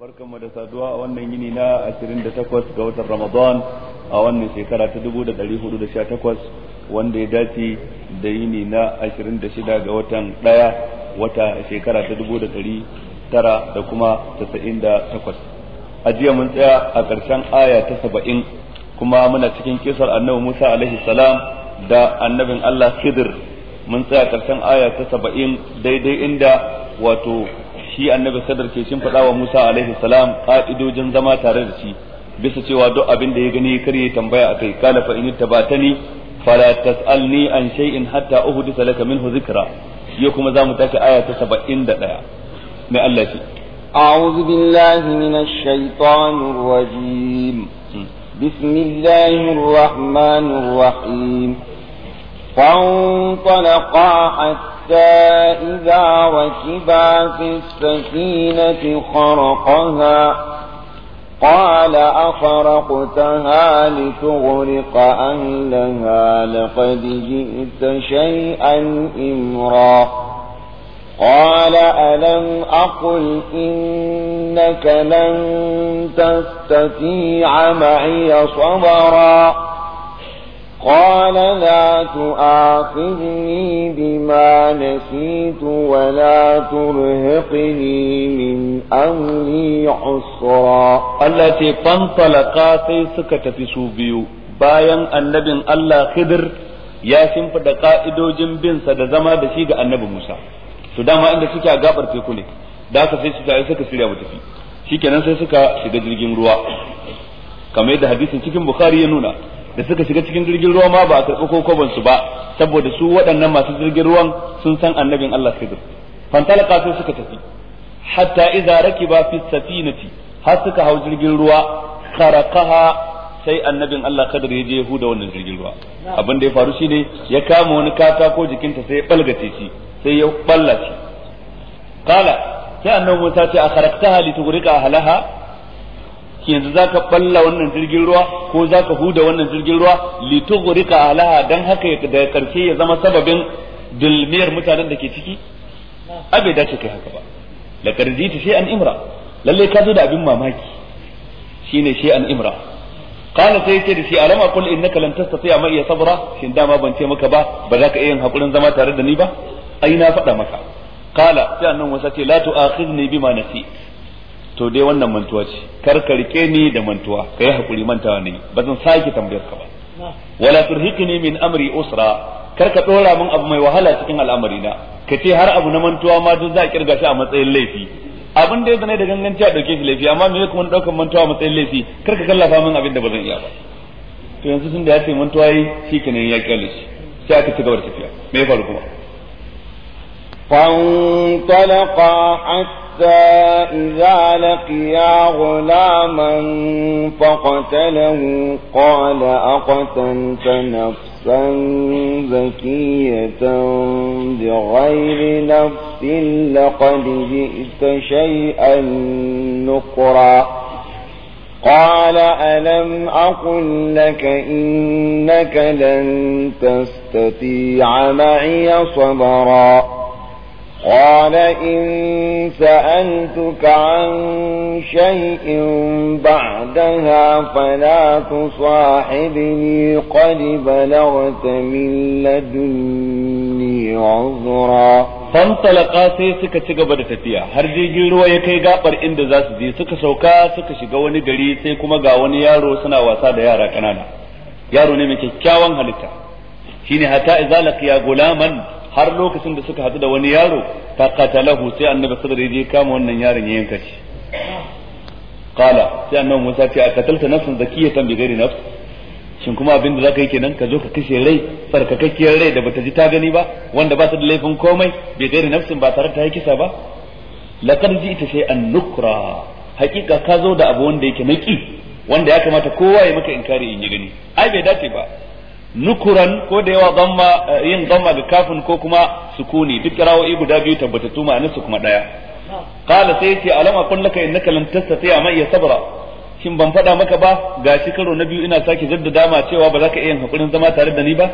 barkanmu da saduwa a wannan yini na 28 ga watan Ramadan a wannan shekara ta 1418 wanda ya dace da yini na 26 ga watan ɗaya wata shekara ta 1900 da kuma 98 a jiya mun tsaya a ƙarshen aya ta 70 kuma muna cikin kisar annabi Musa alaihi salam da annabin Allah Khidir mun tsaya ƙarshen aya ta 70 daidai inda wato shi annabi sadar ke shin faɗa wa Musa alaihi salam ka'idojin zama tare da shi bisa cewa duk abin da ya gani kar ya tambaya akai kala fa in tabatani fala tasalni an shay'in hatta uhdisa laka minhu zikra ya kuma zamu tafi aya ta 71 mai Allah ce أعوذ بالله من الشيطان الرجيم بسم الله الرحمن الرحيم فانطلقا حتى إذا ركبا في السفينة خرقها قال أخرقتها لتغرق أهلها لقد جئت شيئا إمرا قال ألم أقل إنك لن تستطيع معي صبرا قال لا تؤاخذني بما نسيت ولا ترهقني من أمري عسرا التي فانطلقا سكت في سوبيو bayan annabin Allah Khidir ya shimfida ka'idojin binsa da zama da shi ga annabi Musa to dama inda suke a gabar teku ne da aka sai suka suka shirya mu tafi shikenan sai suka shiga jirgin ruwa kamar da hadisin cikin Bukhari ya nuna da suka shiga cikin jirgin ruwa ma ba a karɓi kokobon su ba saboda su waɗannan masu jirgin ruwan sun san annabin Allah Khidir fantalaka sai suka tafi hatta idza rakiba fi safinati har suka hau jirgin ruwa karakaha sai annabin Allah kadar ya je huda wannan jirgin ruwa abin da ya faru shine ya kama wani katako jikinta sai ya balgace shi sai ya ballace kala sai annabi Musa ce a karakta kharaktaha litughriqa halaha. yanzu zaka balla wannan jirgin ruwa ko zaka huda wannan jirgin ruwa litughriqa alaha dan haka da karshe ya zama sababin dulmiyar mutanen da ke ciki abai dace kai haka ba la karjita shay'an imra lalle ka zo da abin mamaki shine shay'an imra qala sai yace da shi alama qul innaka lan tastati'a ma iya sabra shin dama ban ce maka ba ba za ka iya yin hakurin zama tare da ni ba ai na faɗa maka qala sai annan wasa ce la tu'akhidni bima nasi' to dai wannan mantuwa ce kar ka ni da mantuwa ka yi hakuri mantawa ne ba zan sake tambayar ka ba wala turhiqni min amri usra kar ka dora min abu mai wahala cikin al'amari na ka ce har abu na mantuwa ma duk za a kirga shi a matsayin laifi abin da ya zane da ganganci a dauke shi laifi amma me kuma daukan mantuwa a matsayin laifi kar ka kallafa min abin da ba zan iya ba to yanzu tun da ya ce mantuwa yi shikenan ya kyale shi sai aka ci gaba da tafiya me ya faru kuma فانطلقا حتى حتى إذا لقيا غلاما فقتله قال أقتلت نفسا زكية بغير نفس لقد جئت شيئا نقرا قال ألم أقل لك إنك لن تستطيع معي صبرا قال إن سألتك عن شيء بعدها فلا تصاحبني قد بلغت من لدني عذرا فانطلقا sai suka ci gaba da tafiya har jirgin ruwa ya kai gaɓar inda za su je suka sauka suka shiga wani gari sai kuma ga wani yaro suna wasa da yara kanana yaro ne mai kyakkyawan halitta shine Hata idza laqiya gulaman har lokacin da suka hadu da wani yaro ta katalahu sai annabi sadar yaje kama wannan yaron ya yanka shi qala sai annabi Musa ce a qatalta nafsan zakiyatan bi ghairi nafs shin kuma abin da zaka yi kenan ka zo ka kashe rai sarkakakkiyar rai da bata ji ta gani ba wanda ba ta da laifin komai bi ghairi nafsin ba tare ta yi kisa ba laqad ji'ta an nukra hakika ka zo da abu wanda yake naki wanda ya kamata kowa ya maka inkari in yi gani ai bai dace ba nukuran ko da yawa zamma eh, yin zamma ga kafin ko kuma sukuni duk kirawoyi guda biyu tabbatattu ma'anarsu kuma daya qala sai yace alam aqul laka innaka lan tastati'a ma ya sabra shin ban faɗa maka ba gashi karo na biyu ina sake jaddada ma cewa ba za ka iya hakurin zama tare da ni ba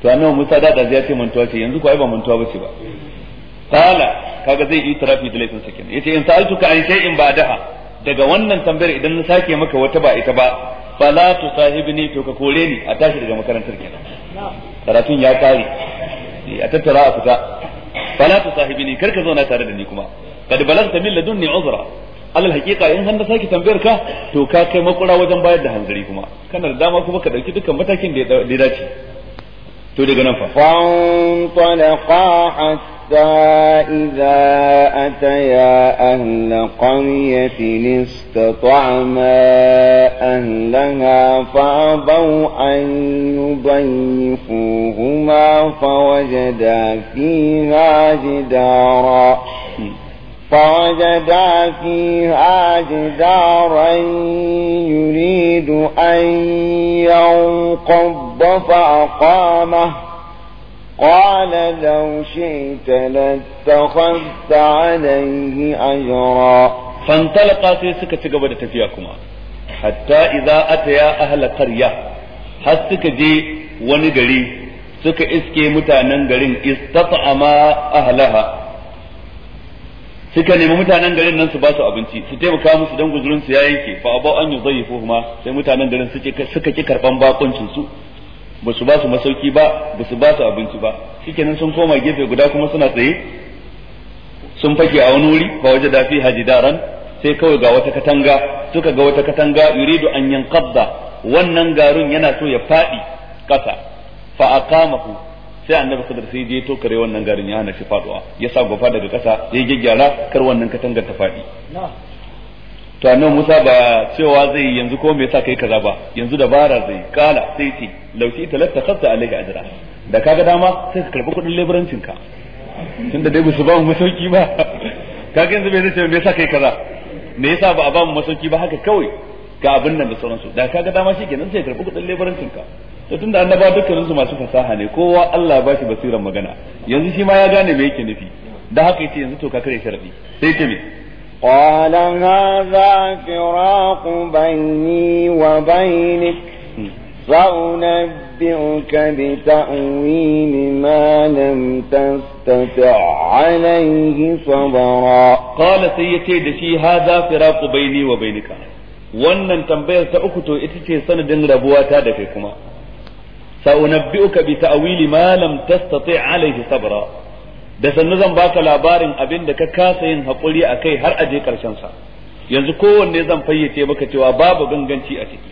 to annabi Musa da da ya ce mantuwa ce yanzu ko ai ba mantuwa bace ba qala kaga zai yi tarafi da laifin sakin yace in sa'altuka an shay'in ba'daha daga wannan tambayar idan na sake maka wata ba ita ba fala tu sahibni to ka kore ni a tashi daga makarantar kenan karatun ya kare eh, a tattara a fita fala tu sahibni kar ka zauna tare da ni kuma kad balagta min ladunni uzra alal haqiqa in handa saki tambayar ka to ka kai makura wajen bayar da hanzari kuma kana da dama kuma ka dauki dukkan matakin da ya dace to daga nan fa fa إذا أتيا أهل قرية استطعما أهلها فأبوا أن يضيفوهما فوجدا فيها جدارا فوجدا فيها جدارا يريد أن ينقض فأقامه قال لو شئت لاتخذت عليه أجرا فانطلقا سيسك تقبل تفياكما حتى إذا أتيا أهل قرية حسك جي ونقلي سك إسكي متانا قرين استطعما أهلها suka nemi mutanen garin nan su ba su abinci su taimaka musu don guzurin su ya yanke fa zai yi fuhuma sai mutanen garin suka ki karban bakuncin ba su ba su masauki ba ba su ba su abinci ba shikenan sun koma gefe guda kuma suna tsaye sun fake a wani wuri ba waje dafi haji hajidaran sai kawai ga wata katanga suka ga wata katanga yuridu an yanqadda wannan garin yana so ya fadi kasa fa aqamahu sai annabi kadar sai je to kare wannan garin ya hana shi faduwa ya sa gofa daga kasa ya gyaggyara kar wannan katangar ta fadi to annabi Musa ba cewa zai yanzu ko me yasa kai kaza ba yanzu dabara zai kala sai ce lauci talatta khatta alayka ajra da kaga dama sai ka karbi kudin leburancin ka tunda dai su ba mu masauki ba kaga yanzu bai zai ce me yasa kai kaza me yasa ba a ba mu masauki ba haka kawai ga abin nan da sauransu da kaga dama kenan sai ka karbi kudin leburancin ka to tunda annaba dukkanin su masu fasaha ne kowa Allah ba shi basiran magana yanzu shi ma ya gane me yake nufi da haka yace yanzu to ka kare sharadi sai ce me قال هذا فراق بيني وبينك سأنبئك بتأويل ما لم تستطع عليه صبرا قال سيتي دشي هذا فراق بيني وبينك wannan tambayar ta uku to ita ce sanadin rabuwata da kai kuma sa'unabbi'uka bi ta'wili ma lam tastati' alayhi sabra da sannu zan baka labarin abin da ka kasa yin haƙuri a kai har a je sa yanzu kowanne zan fayyace maka cewa babu ganganci a ciki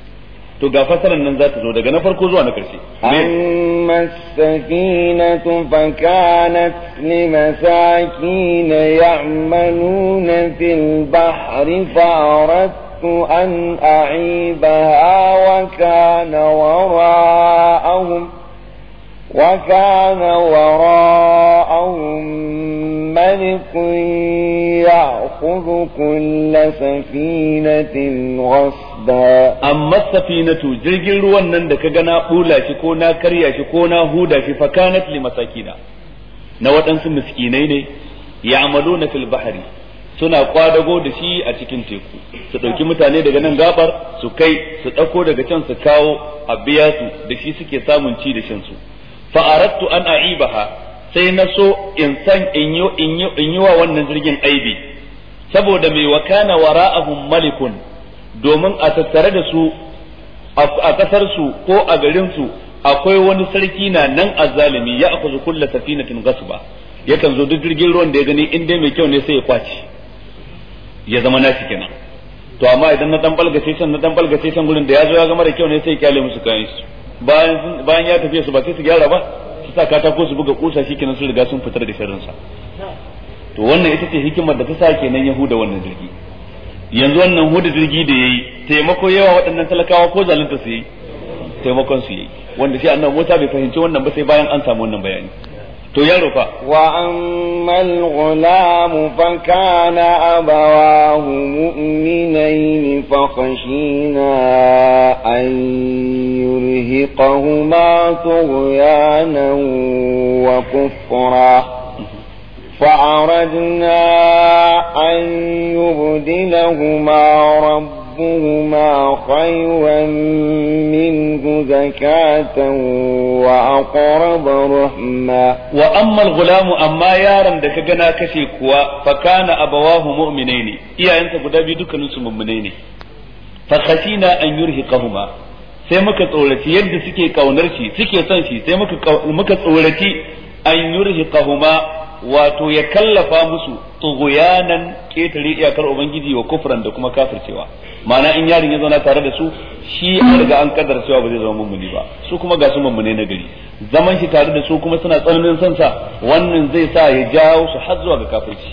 to ga fasaran nan za ta zo daga na farko zuwa na ƙarshe amma na fa kanat na masakin ya'manuna fil bahri fa an a'ibaha wa kana wara'ahum وكان وراءهم ملك يأخذ كل سفينة غصبا أما السفينة جرجل روانن دك جنا أولا شكونا كريا شكونا هودا فكانت لمساكينا أنس مسكينين يعملون في البحر suna kwadago da shi a cikin teku su ɗauki mutane daga nan gabar su kai su ɗauko daga can su kawo a biya su da shi suke samun ci da shan su fa aradtu an a'ibaha sai na so in san in yi in yi in yi wa wannan jirgin aibi saboda mai wakana wara'ahum malikun domin a tattare da su a kasar su ko a garin su akwai wani sarki na nan azzalimi ya akuzu kulla safinatin Ya yakan zo duk jirgin ruwan da ya gani in dai mai kyau ne sai ya kwaci ya zama nashi kenan to amma idan na dan balgace san na dan balgace san gurin da ya zo ya ga mara kyau ne sai ya kyale musu kayan su bayan ya tafiye su ba sai su gyara ba su sa katako su buga kusa shi kenan sun riga sun fitar da sharrin sa to wannan ita ce hikimar da ta sa kenan yahuda wannan jirgi yanzu wannan huda jirgi da yayi taimako yawa waɗannan talakawa ko zalunta su yi taimakon su yi wanda shi annabi Musa bai fahimci wannan ba sai bayan an samu wannan bayani تجرفا وأما الغلام فكان أبواه مؤمنين فخشينا أن يرهقهما طغيانا وكفرا فأردنا أن يبدلهما رب ربهما خيرا منه زكاة وأقرب رحما وأما الغلام أما يارا دك جنا كشي كوا فكان أبواه مؤمنين إيا أنت قدابي دك نسو مؤمنين فخشينا أن يرهقهما sai muka tsoraci yadda suke kaunar shi suke son shi sai muka tsoraci an kahuma wato ya kallafa musu tughyanan ketare iyakar ubangiji wa kufran da kuma kafircewa ma'ana in yarin ya zauna tare da su shi an riga an kaddara cewa ba zai zama mummuni ba su kuma ga su mummune na gari zaman shi tare da su kuma suna tsananin son sa wannan zai sa ya jawo su har zuwa ga kafirci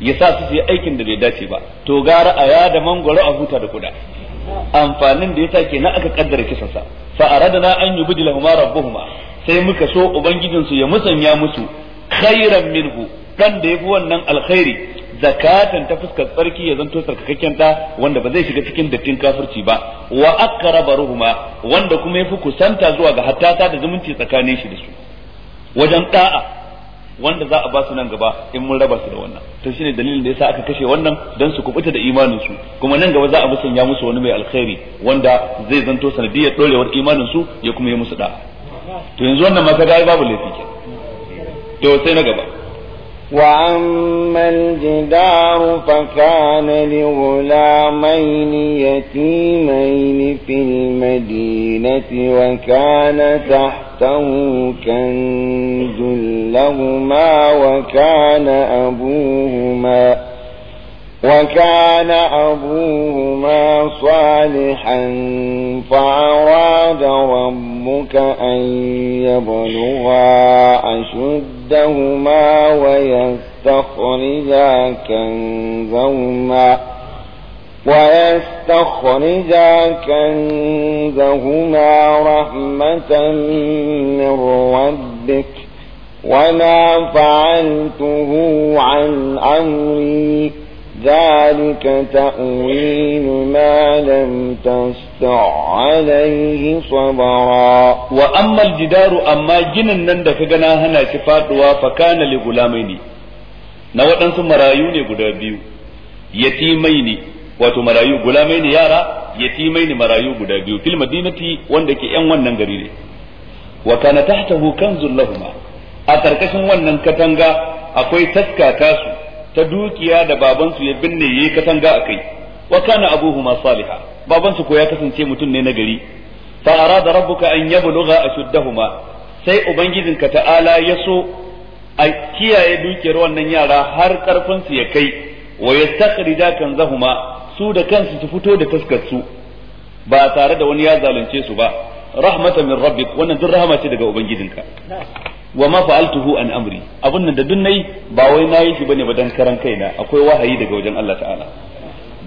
ya sa su yi aikin da bai dace ba to gara a ya da mangoro a huta da kuda amfanin da ya yasa kenan aka kaddara sa fa aradna an yubdilahuma rabbuhuma sai muka so ubangijinsu ya musanya musu khairan minhu dan da yafi wannan alkhairi zakatan ta fuskar tsarki ya zanto tsarkakakken da wanda ba zai shiga cikin dattin kafirci ba wa aqraba ruhuma wanda kuma yafi kusanta zuwa ga hatta da zumunci tsakanin shi da su wajen da'a wanda za a ba su nan gaba in mun raba su da wannan to shine dalilin da yasa aka kashe wannan dan su kubuta da imanin su kuma nan gaba za a musanya musu wani mai alkhairi wanda zai zanto sanadiyar dorewar imanin su ya kuma yi musu da'a to yanzu wannan ma kaga babu laifi kenan to sai na gaba وأما الجدار فكان لغلامين يتيمين في المدينة وكان تحته كنز لهما وكان أبوهما وكان أبوهما صالحا فأراد ربك أن يبلغا أشد كيدهما ويستخرجا كنزهما ويستخرجا كنزهما رحمة من ربك وما فعلته عن أمرك ذلك تأويل ما لم تستع عليه صبرا وأما الجدار أما جنا نندك جنا هنا شفات فكان لغلامين نوتن ثم رايون غدابيو يتيمين wato marayu gulamai ne yara yatimai ne marayu guda biyu fil madinati wanda ke yan wannan gari ne wa kana tahtahu kan lahum a karkashin wannan katanga akwai taska tasu ta dukiya da babansu ya binne yayi katanga akai wa kana abuhuma salihah babansu ko ya kasance mutum ne na gari fa arada rabbuka an yablugha ashuddahuma sai ubangijinka ta'ala ya so a kiyaye dukiyar wannan yara har karfin su ya kai wa yastakhrija kanzahuma su da kansu su fito da taskar su ba tare da wani ya zalunce su ba rahmatan min rabbik wannan duk rahama ce daga ubangijinka wa ma fa'altuhu an amri abun nan da dun nayi ba wai nayi shi bane ba dan karan kaina akwai wahayi daga wajen Allah ta'ala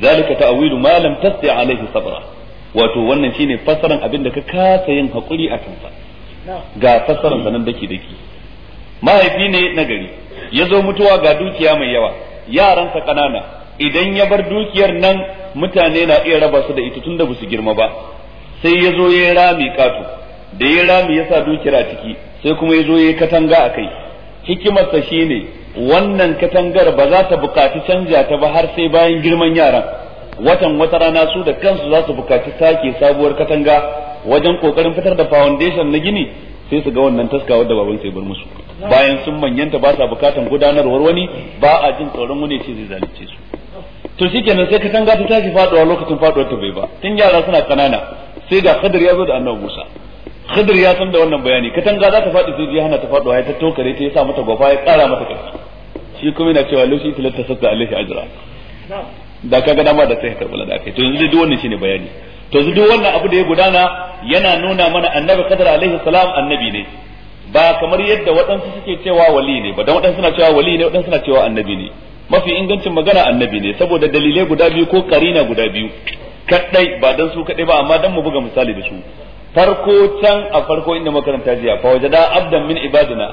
zalika ta'wilu ma lam tasti alaihi sabra wato wannan shine fasaran abin da ka kasa yin hakuri a kansa ga fasaran sanan dake dake mahaifi ne nagari ya zo mutuwa ga dukiya mai yawa yaransa kanana idan ya bar dukiyar nan mutane na iya raba su da ita tunda ba su girma ba sai ya zo ya rami kato da ya rami ya sa dukiyar a ciki sai kuma ya zo ya yi katanga a kai hikimarsa ne wannan katangar ba za ta bukaci canja ta ba har sai bayan girman yaran watan wata rana su da kansu za su bukaci sake sabuwar katanga wajen kokarin fitar da foundation na gini sai su ga wannan taskawa da baban sai bar musu bayan sun manyanta ba sa bukatan gudanarwar wani ba a jin tsoron wani ce zai zalunce su to shikenan sai katanga ta tashi faduwa lokacin faduwar ta bai ba tun yara suna kanana sai ga kadir ya zo da annabi Musa Khidir ya san da wannan bayani katanga za ta faɗi sai ji hana ta faɗo ya ta kare ta yasa mata gwafa ya ƙara mata ƙarfi shi kuma yana cewa lushi ita latta sassa alaihi ajra da kaga dama da sai karɓa da kai to yanzu duk wannan shine bayani to yanzu duk wannan abu da ya gudana yana nuna mana annabi kadar alaihi salam annabi ne ba kamar yadda waɗansu suke cewa wali ne ba dan waɗansu suna cewa wali ne waɗansu suna cewa annabi ne mafi ingancin magana annabi ne saboda dalilai guda biyu ko karina guda biyu Kaɗai ba dan su kaɗai ba amma dan mu buga misali da su farko can a farko inda makaranta jiya fa wajada abdan min ibadina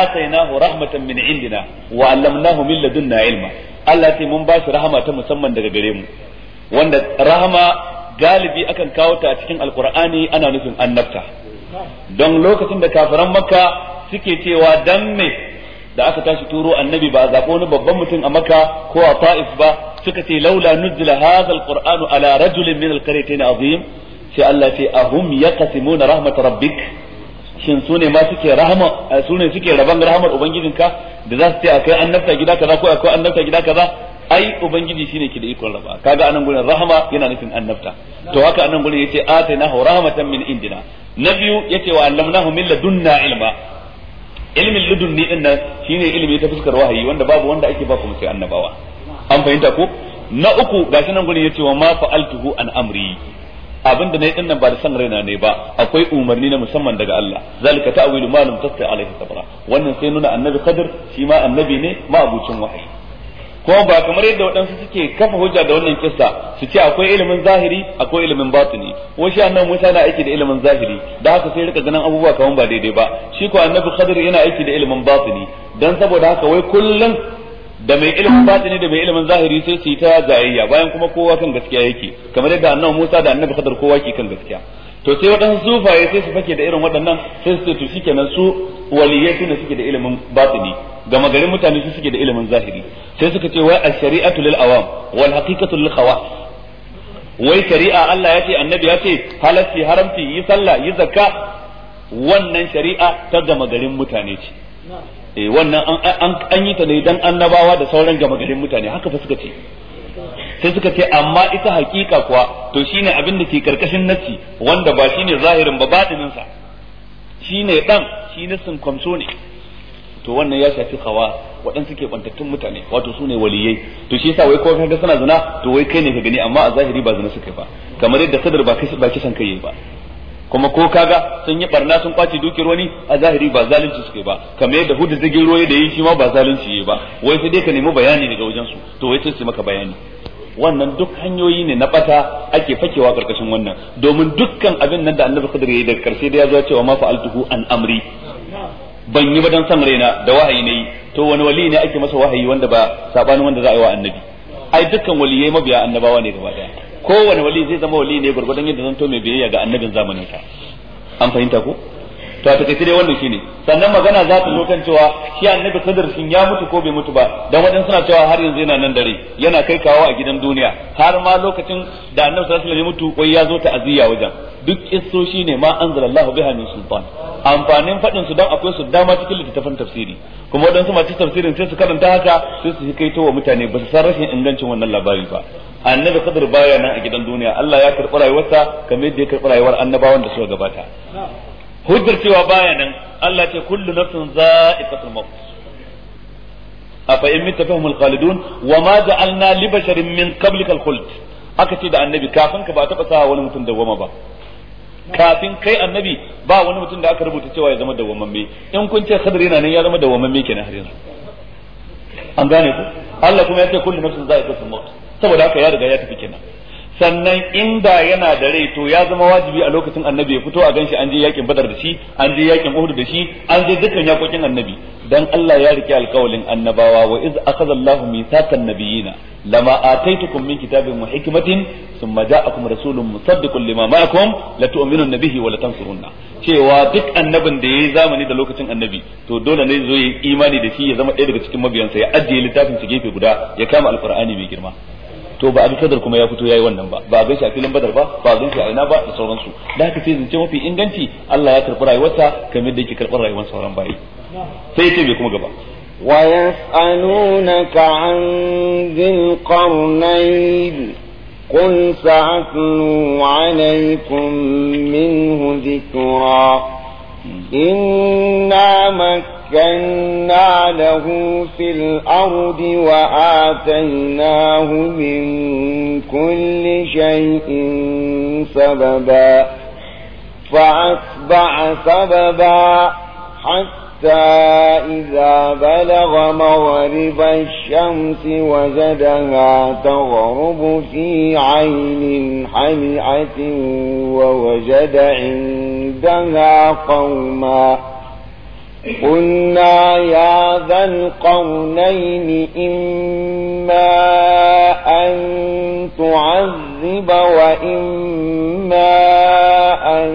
atainahu rahmatan min indina wa allamnahu min ladunna ilma Allah ce mun bashi rahama ta musamman daga gare mu wanda rahama galibi akan kawo ta a cikin alqur'ani ana nufin annabta don lokacin da kafiran makka suke cewa dan me da aka tashi turo annabi ba a zaɓo wani babban mutum a makka ko a ta'if ba suka ce laula nuzila hadha alqur'anu ala rajulin min alqaryatayn azim sai Allah ce ahum yaqsimuna rahmat rabbik shin su ne ma suke rahama eh, su ne suke raban rahamar ubangijinka da za su ce akai annabta gida kaza ko akwai annabta gida kaza ai ubangiji shine ke da ikon raba kaga anan gurin rahama yana nufin annabta to haka anan gurin yace atainahu rahmatan min indina na biyu yace wa allamnahu min ladunna ilma ilmin ladunni din nan shine ilimi ta fuskar wahayi wanda babu wanda ake ba kuma sai annabawa an fahimta ko na uku gashi nan gurin yace wa ma fa'altuhu an amri abin da na yi din nan ba da san raina ne ba akwai umarni na musamman daga Allah zalika ta'wilu ma lam tastati alaihi sabra wannan sai nuna annabi kadir shi ma annabi ne ma abucin wahayi kuma ba kamar yadda waɗansu suke kafa hujja da wannan kissa su ce akwai ilimin zahiri akwai ilimin batini ko shi annabi Musa na aiki da ilimin zahiri da haka sai rika ganin abubuwa kaman ba daidai ba shi ko annabi Khadir yana aiki da ilimin batini dan saboda haka wai kullun da mai ilimin batini da mai ilimin zahiri sai su yi ta zayayya bayan kuma kowa kan gaskiya yake kamar yadda annabi Musa da annabi Khadar kowa ke kan gaskiya to sai waɗansu sufaye sai su fake da irin waɗannan sai su ce to shikenan su waliyai su ne suke da ilimin batini gama garin mutane su suke da ilimin zahiri sai suka ce wai ash-shari'atu lil awam wal haqiqatu lil wai shari'a Allah ya ce annabi ya ce halarci haramci yi sallah yi zakka wannan shari'a ta gama garin mutane ce Eh, wannan an yi ta ne dan annabawa da sauran gama garin mutane haka fa suka ce sai suka ce amma ita hakika kuwa to shine abin da ke karkashin nassi wanda ba shine zahirin ba batinin sa shine dan shi sun kwamso ne to wannan ya shafi hawa waɗansu ke bantattun mutane wato su ne waliyai to shi yasa wai ko kaga suna zina to wai kai ne ka gani amma a zahiri ba zina suka yi ba kamar yadda sadar ba kai ba kisan kai ba kuma ko kaga sun yi barna sun kwace dukiyar wani a zahiri ba zalunci suke ba kamar yadda hudu zigin ruwa da yi shi ma ba zalunci yi ba wai sai dai ka nemi bayani daga wajen su to wai sai su maka bayani wannan duk hanyoyi ne na bata ake fakewa karkashin wannan domin dukkan abin nan da annabi kadir yayi daga karshe da ya zuwa cewa ma fa'altuhu an amri ban yi ba dan san raina da wahayi na yi to wani wali ne ake masa wahayi wanda ba sabanin wanda za a yi wa annabi ai dukkan waliyai mabiya annabawa ne gaba daya kowane wali zai zama wali ne gurgurdan yadda zanto mai biyayya ga annabin zamanin sa an fahimta ko to a takaice dai wannan shine sannan magana za ta zo kan cewa shi annabi sadar shin ya mutu ko bai mutu ba dan wadan suna cewa har yanzu yana nan dare yana kai kawo a gidan duniya har ma lokacin da annabi sallallahu alaihi ya mutu wai ya zo ta'aziyya wajen duk isso shine ma anzalallahu biha min sultan amfanin fadin su dan akwai su dama cikin littattafan tafsiri kuma wadansu masu tafsirin sai su karanta haka sai su kaito wa mutane ba su san rashin ingancin wannan labari ba annabi kadir baya nan a gidan duniya Allah ya karɓi rayuwarsa kamar yadda ya karɓi rayuwar annabawan da suka gabata hujjar cewa baya nan Allah ce kullu nafsin za'iqatul maut afa in mitta fahimul khalidun wa ma ja'alna li basharin min qablika al khuld aka ce da annabi kafin ka ba taba sa wani mutum dawwama ba kafin kai annabi ba wani mutum da aka rubuta cewa ya zama dawwamamme in kun ce sadar yana nan ya zama dawwamamme kenan har yanzu an gane ku Allah kuma ya ce kullu nafsin za'iqatul maut saboda haka ya riga ya tafi kenan sannan inda yana da rai to ya zama wajibi a lokacin annabi ya fito a ganshi an je yakin badar da shi an je yakin uhud da shi an je dukkan yakokin annabi dan Allah ya rike alƙawalin annabawa wa iz akhadha Allahu mithaqan nabiyina lama ataitukum min kitabin wa hikmatin thumma ja'akum rasulun musaddiqun lima ma'akum la tu'minun bihi wa la cewa duk annabin da yayi zamani da lokacin annabi to dole ne zo yi imani da shi ya zama ɗaya daga cikin mabiyansa ya ajiye littafin su gefe guda ya kama alƙur'ani mai girma to ba a abi kadar kuma ya fito yayi wannan ba ba gaishe a filin badar ba ba gaishe a ina ba da sauransu da haka sai zance mafi inganci Allah ya karɓi rayuwarsa kamar da yake karɓar rayuwar sauran bayi sai yace bai kuma gaba ويسألونك عن ذي القرنين قل سأتلو عليكم منه ذكرا إنا مك مكنا له في الأرض وآتيناه من كل شيء سببا فأتبع سببا حتى إذا بلغ مغرب الشمس وجدها تغرب في عين حمئة ووجد عندها قوماً قلنا يا ذا القرنين إما أن تعذب وإما أن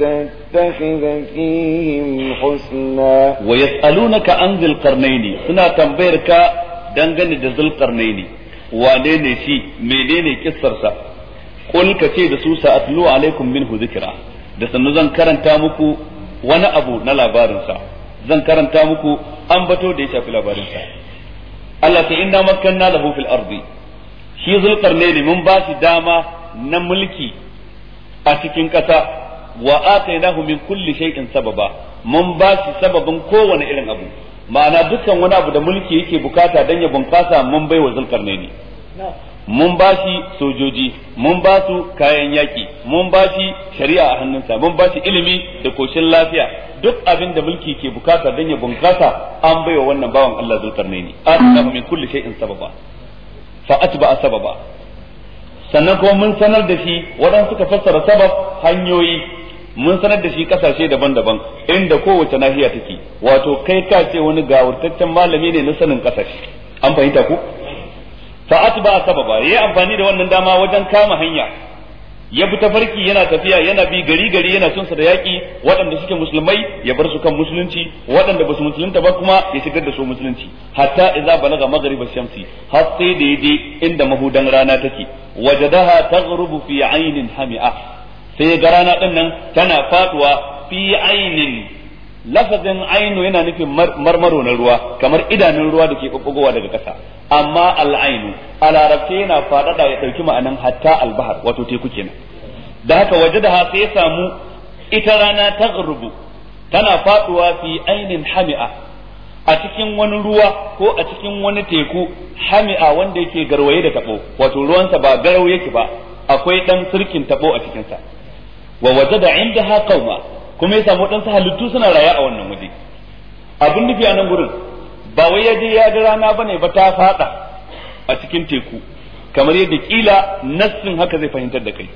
تتخذ فيهم حسنا ويسألونك عن ذي القرنين سنة تنبيرك دنغني ذي القرنين وانيني شي منيني كسرسا قل كتير سوسة أتلو عليكم منه ذكرى da sannu zan karanta muku wani abu na labarinsa zan karanta muku an bato da ya shafi labarinsa Allah ta inna makkanna lahu fil ardi shi zulqarnaini mun ba shi dama na mulki a cikin ƙasa wa atainahu min kulli shay'in sababa mun ba shi sababin kowane irin abu ma'ana dukkan wani abu da mulki yake bukata dan ya bunkasa mun baiwa zulqarnaini mun ba shi sojoji mun ba su kayan yaki mun ba shi shari'a a hannunsa mun ba shi ilimi da koshin lafiya duk abin da mulki ke bukata don ya bunkasa an baiwa wannan bawan Allah zo tarne ne asaba min kulli shay'in sababa fa atba sababa sannan kuma mun sanar da shi wadan suka fassara sabab hanyoyi mun sanar da shi kasashe daban-daban inda kowace nahiya take wato kai ka ce wani gawurtaccen malami ne na sanin kasashe an fahimta ko fa atba sababa yayi amfani da wannan dama wajen kama hanya ya bi tafarki yana tafiya yana bi gari gari yana sunsa da yaki waɗanda suke musulmai ya bar su kan musulunci waɗanda ba su musulunta ba kuma ya shigar da su musulunci hatta idza balaga maghriba shamsi har sai da inda mahudan rana take wajadaha taghrubu fi aynin hami'a sai ga rana din nan tana faduwa fi aynin lafazin ainu yana nufin marmaro na ruwa kamar idanun ruwa da ke ɓaɓɓagowa daga ƙasa amma al'ainu a larabce yana faɗaɗa ya ɗauki ma'anan hatta albahar wato teku kenan da haka waje da haka ya samu ita rana ta rubu tana faɗuwa fi ainin hami'a a cikin wani ruwa ko a cikin wani teku hami'a wanda yake garwaye da taɓo wato ruwansa ba garau yake ba akwai ɗan sirkin taɓo a cikinsa wa waje da inda ha kuma ya samu waɗansu halittu suna raya a wannan waje abin nufi a nan gurin ba wai ya je ya ga rana ne ba ta faɗa a cikin teku kamar yadda kila nassin haka zai fahimtar da kai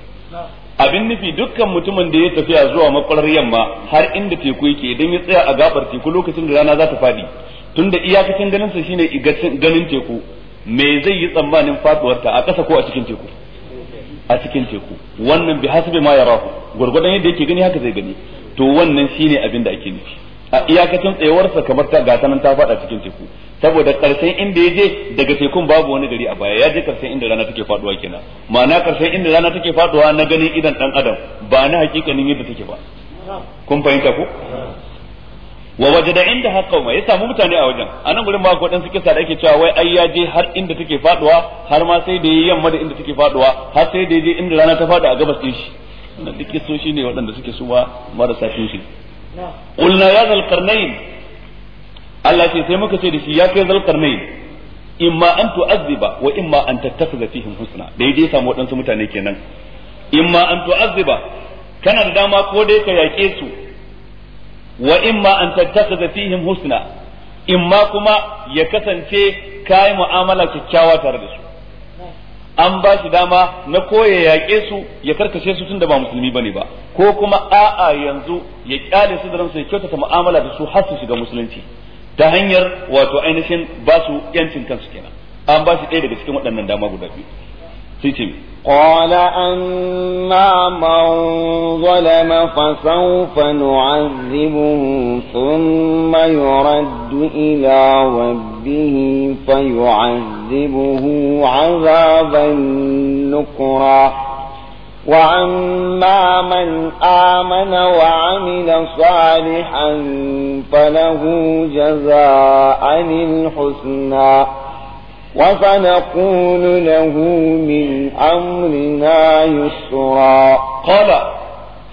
abin nufi dukkan mutumin da ya tafiya zuwa makwarar yamma har inda teku yake idan ya tsaya a gabar teku lokacin da rana za ta faɗi tun da iyakacin ganinsa sa shine ganin teku me zai yi tsammanin faduwar ta a ƙasa ko a cikin teku a cikin teku wannan bi hasbi ma yarahu gurgurdan yadda yake gani haka zai gani to wannan shine abin da ake nufi a iyakacin tsayawarsa kamar ta gata nan ta fada cikin teku saboda karshen inda ya je daga tekun babu wani gari a baya ya je karshen inda rana take faduwa kenan ma'ana karshen inda rana take faduwa na ganin idan dan adam ba na hakikanin yadda take ba kun fahimta ko wa wajada inda haqqa ma ya samu mutane a wajen anan gurin ba ko dan suke sa da ake cewa wai ai ya je har inda take faduwa har ma sai da yi yamma da inda take faduwa har sai da ya je inda rana ta fada a gabas din shi na duk kisoshi ne waɗanda suke suwa marasa tushe qulna ya zal qarnayn Allah ce sai muka ce da shi ya kai zal In ma an tu'azziba wa in ma an tattakhidha fihim husna da ya samu waɗansu mutane kenan In ma an tu'azziba kana da dama ko dai ka yaƙe su wa in ma an tattakhidha fihim husna In ma kuma ya kasance kai mu'amala kyakkyawa tare da su an ba shi dama na koya yaƙe su ya karkashe su tun da ba musulmi bane ba ko kuma a'a yanzu ya kyale su da ransu ya kyautata mu'amala da su har su shiga musulunci ta hanyar wato ainihin ba su yancin kansu kenan an ba shi ɗaya daga cikin waɗannan dama guda biyu حكم قال أما من ظلم فسوف نعذبه ثم يرد إلى ربه فيعذبه عذابا نكرا وأما من آمن وعمل صالحا فله جزاء الحسنى وسنقول له من أمرنا يسرا قال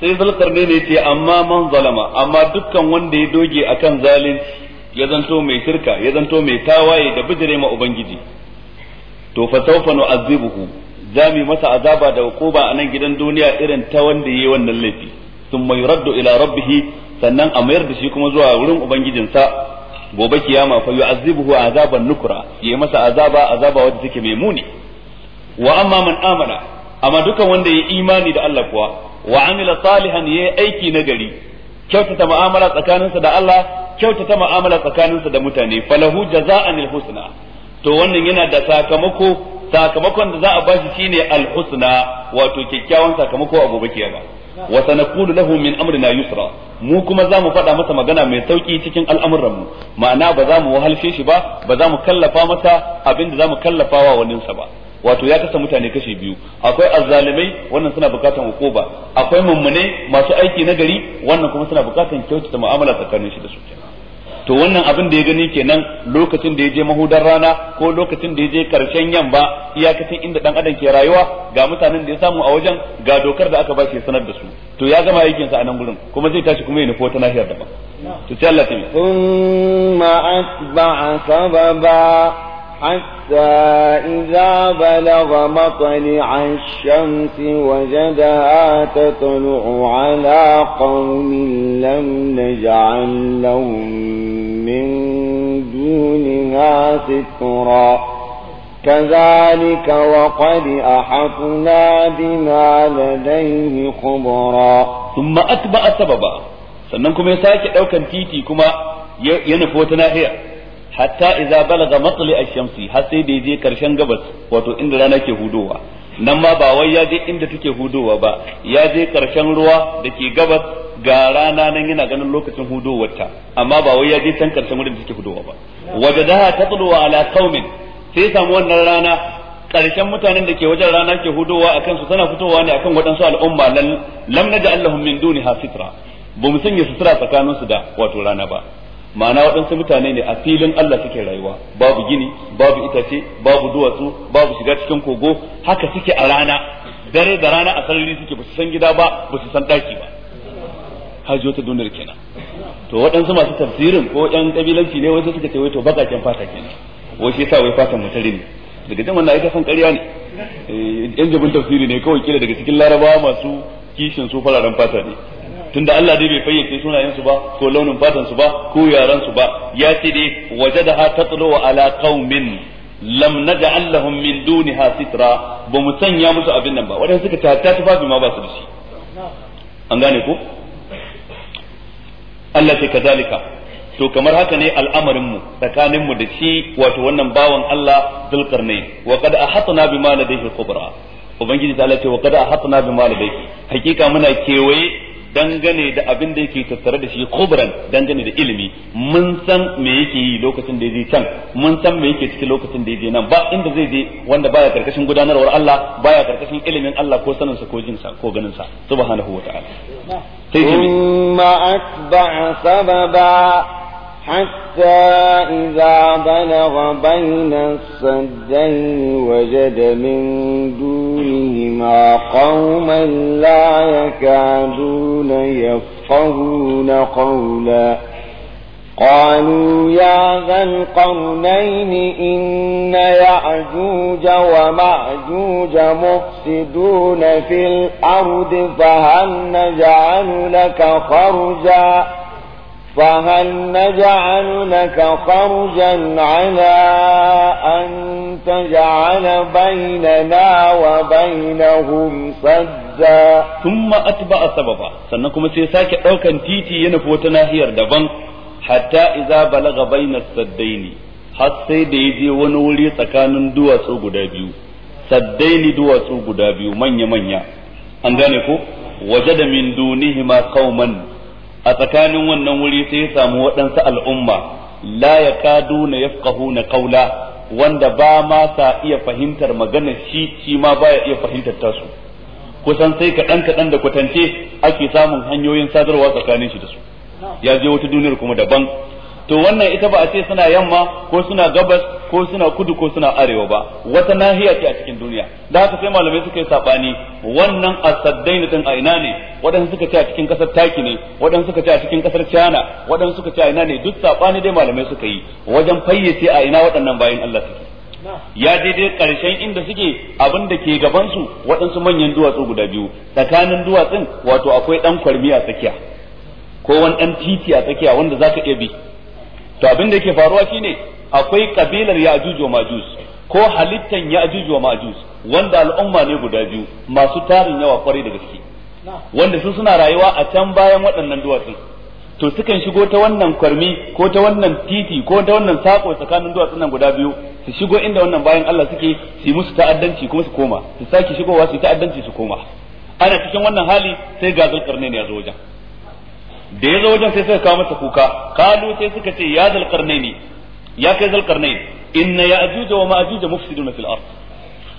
sai zalkar ne ne ce amma man zalama amma dukkan wanda ya doge akan zalunci ya zanto mai shirka ya zanto mai tawaye da bijire ma ubangiji to fa sawfa nu'azzibuhu zami masa azaba da hukuba a nan gidan duniya irin ta wanda yayi wannan laifi thumma yuraddu ila rabbih sannan a mayar da shi kuma zuwa wurin ubangijinsa gobe kiyama fa yu'azzibuhu azaban nukra yayi masa azaba azaba wanda take mai muni wa amma man amana amma dukan wanda ya imani da Allah kuwa wa amila salihan yayi aiki na gari kyautata mu'amala tsakaninsa da Allah kyautata mu'amala tsakaninsa da mutane falahu jaza'an husna to wannan yana da sakamako sakamakon da za a bashi shine alhusna wato kyakkyawan sakamako a gobe kiyama wa sanaqulu lahu min amrina yusra mu kuma za mu faɗa masa magana mai sauki cikin al'amuran mu ma'ana ba za mu wahalshe shi ba ba za mu kallafa masa abin da za mu kallafawa wani sa ba wato ya kasa mutane kashi biyu akwai azzalimai wannan suna bukatan hukuma akwai mummune masu aiki na gari wannan kuma suna bukatan kyautata mu'amala tsakanin shi da su to wannan abin da ya gani kenan lokacin da ya je mahudar rana ko lokacin da ya je karshen yamma iyakacin inda dan adam ke rayuwa ga mutanen da ya samu a wajen ga dokar da aka bashi sanar da su to ya gama aikin sa a nan gurin kuma zai tashi kuma ya nufo ta nahiyar daban to sai Allah ta yi thumma asba'a sababa حتى إذا بلغ مطلع الشمس وجدها تطلع على قوم لم نجعل لهم من دونها سترا كذلك وقد أحطنا بما لديه خبرا ثم أتبع سببا sannan kuma ya sake ɗaukan titi kuma ya nufi wata nahiya hatta idza balaga matli a shamsi har sai da je karshen gabas wato inda rana ke hudowa nan ma ba wai ya je inda take hudowa ba ya je karshen ruwa da ke gabas ga rana nan yana ganin lokacin hudowarta amma ba wai ya je can karshen wurin da take hudowa ba wajadaha tatlu ala qaumin sai samu wannan rana karshen mutanen da ke wajen rana ke hudowa akan su tana fitowa ne akan waɗansu al'umma lam naja'al lahum min duniha sitra ba mu sanya sutura tsakaninsu da wato rana ba ma'ana waɗansu mutane ne a filin Allah suke rayuwa babu gini babu itace babu duwatsu babu shiga cikin kogo haka suke a rana dare da rana a sarari suke ba su san gida ba ba su san ɗaki ba hajji ta duniyar kenan to waɗansu masu tafsirin ko ƴan ƙabilanci ne wasu suka ce wai to bakakin fata kenan wai shi yasa wai fatan mutare ne daga jan wannan ai san ƙarya ne eh, ƴan jabin tafsiri ne kawai kila daga cikin larabawa masu kishin su fararen fata ne tunda Allah dai bai fayyace sunayen su ba ko launin fatan su ba ko yaran su ba ya ce dai wajadaha tatlu ala qaumin lam naj'al lahum min duniha sitra ba mu sanya musu abin nan ba wadanda suka tata tufafi ma ba su da shi an gane ku. Allah ce kazalika to kamar haka ne al'amarinmu tsakaninmu da shi wato wannan bawan Allah zulkarnain wa qad ahatna bima ladayhi khubra ubangiji ta ce wa qad ahatna bima ladayhi hakika muna kewaye dangane da abin da yake tattare da shi kubran dangane da ilimi mun san me yake yi lokacin da yaje can mun san me yake ciki lokacin da yaje nan ba inda zai je wanda baya karkashin gudanarwar Allah baya karkashin ilimin Allah ko sanin sa ko jin sa ko ganin sa subhanahu wataala sai akba sababa حتى إذا بلغ بين السدين وجد من دونهما قوما لا يكادون يفقهون قولا قالوا يا ذا القرنين إن يعجوج ومعجوج مفسدون في الأرض فهل نجعل لك خرجاً فهل نجعل لك خرجا على أن تجعل بيننا وبينهم سدا ثم أتبع سببا سنكم سيساك أو كان تيتي ينفوتنا هير دبن حتى إذا بلغ بين السدين har sai da ya je wani wuri tsakanin duwatsu guda biyu saddaini duwatsu guda biyu manya-manya an gane ko waje da min dunihima man. a tsakanin wannan wuri sai ya samu waɗansu al'umma la ya kadu na yafqahu na kaula wanda ba ma sa iya fahimtar maganar shi shi ma baya iya fahimtar tasu kusan sai kaɗan kaɗan da kwatance ake samun hanyoyin sadarwa tsakanin shi da su ya je wata duniyar kuma daban to wannan ita ba a ce suna yamma ko suna gabas ko suna kudu ko suna arewa ba wata nahiya ce a cikin duniya da haka sai malamai suka yi sabani wannan asaddain din a ina ne wadanda suka ce a cikin kasar taki ne wadanda suka ce a cikin kasar china wadanda suka ce a ina ne duk sabani dai malamai suka yi wajen fayyace a ina waɗannan bayan Allah suke ya daidai karshen inda suke abin da ke gabansu waɗansu manyan duwatsu guda biyu tsakanin duwatsun wato akwai ɗan kwarmiya a tsakiya ko wani ɗan titi a tsakiya wanda za iya bi to abin da yake faruwa shine akwai kabilar ya'juj wa ma'juj ko halittan ya'juj wa ma'juj wanda al'umma ne guda biyu masu tarin yawa kwarai da gaske wanda su suna rayuwa a can bayan waɗannan duwatsun to sukan shigo ta wannan kwarmi ko ta wannan titi ko ta wannan sako tsakanin duwatsun nan guda biyu su shigo inda wannan bayan Allah suke su yi musu ta'addanci kuma su koma su sake shigowa su yi ta'addanci su koma ana cikin wannan hali sai ga ne ya zo wajen da ya zo wajen sai suka kawo masa kuka kalu sai suka ce ya zalqarnaini ya kai zalqarnain inna ya'juj wa ma'juj mufsidun fil ard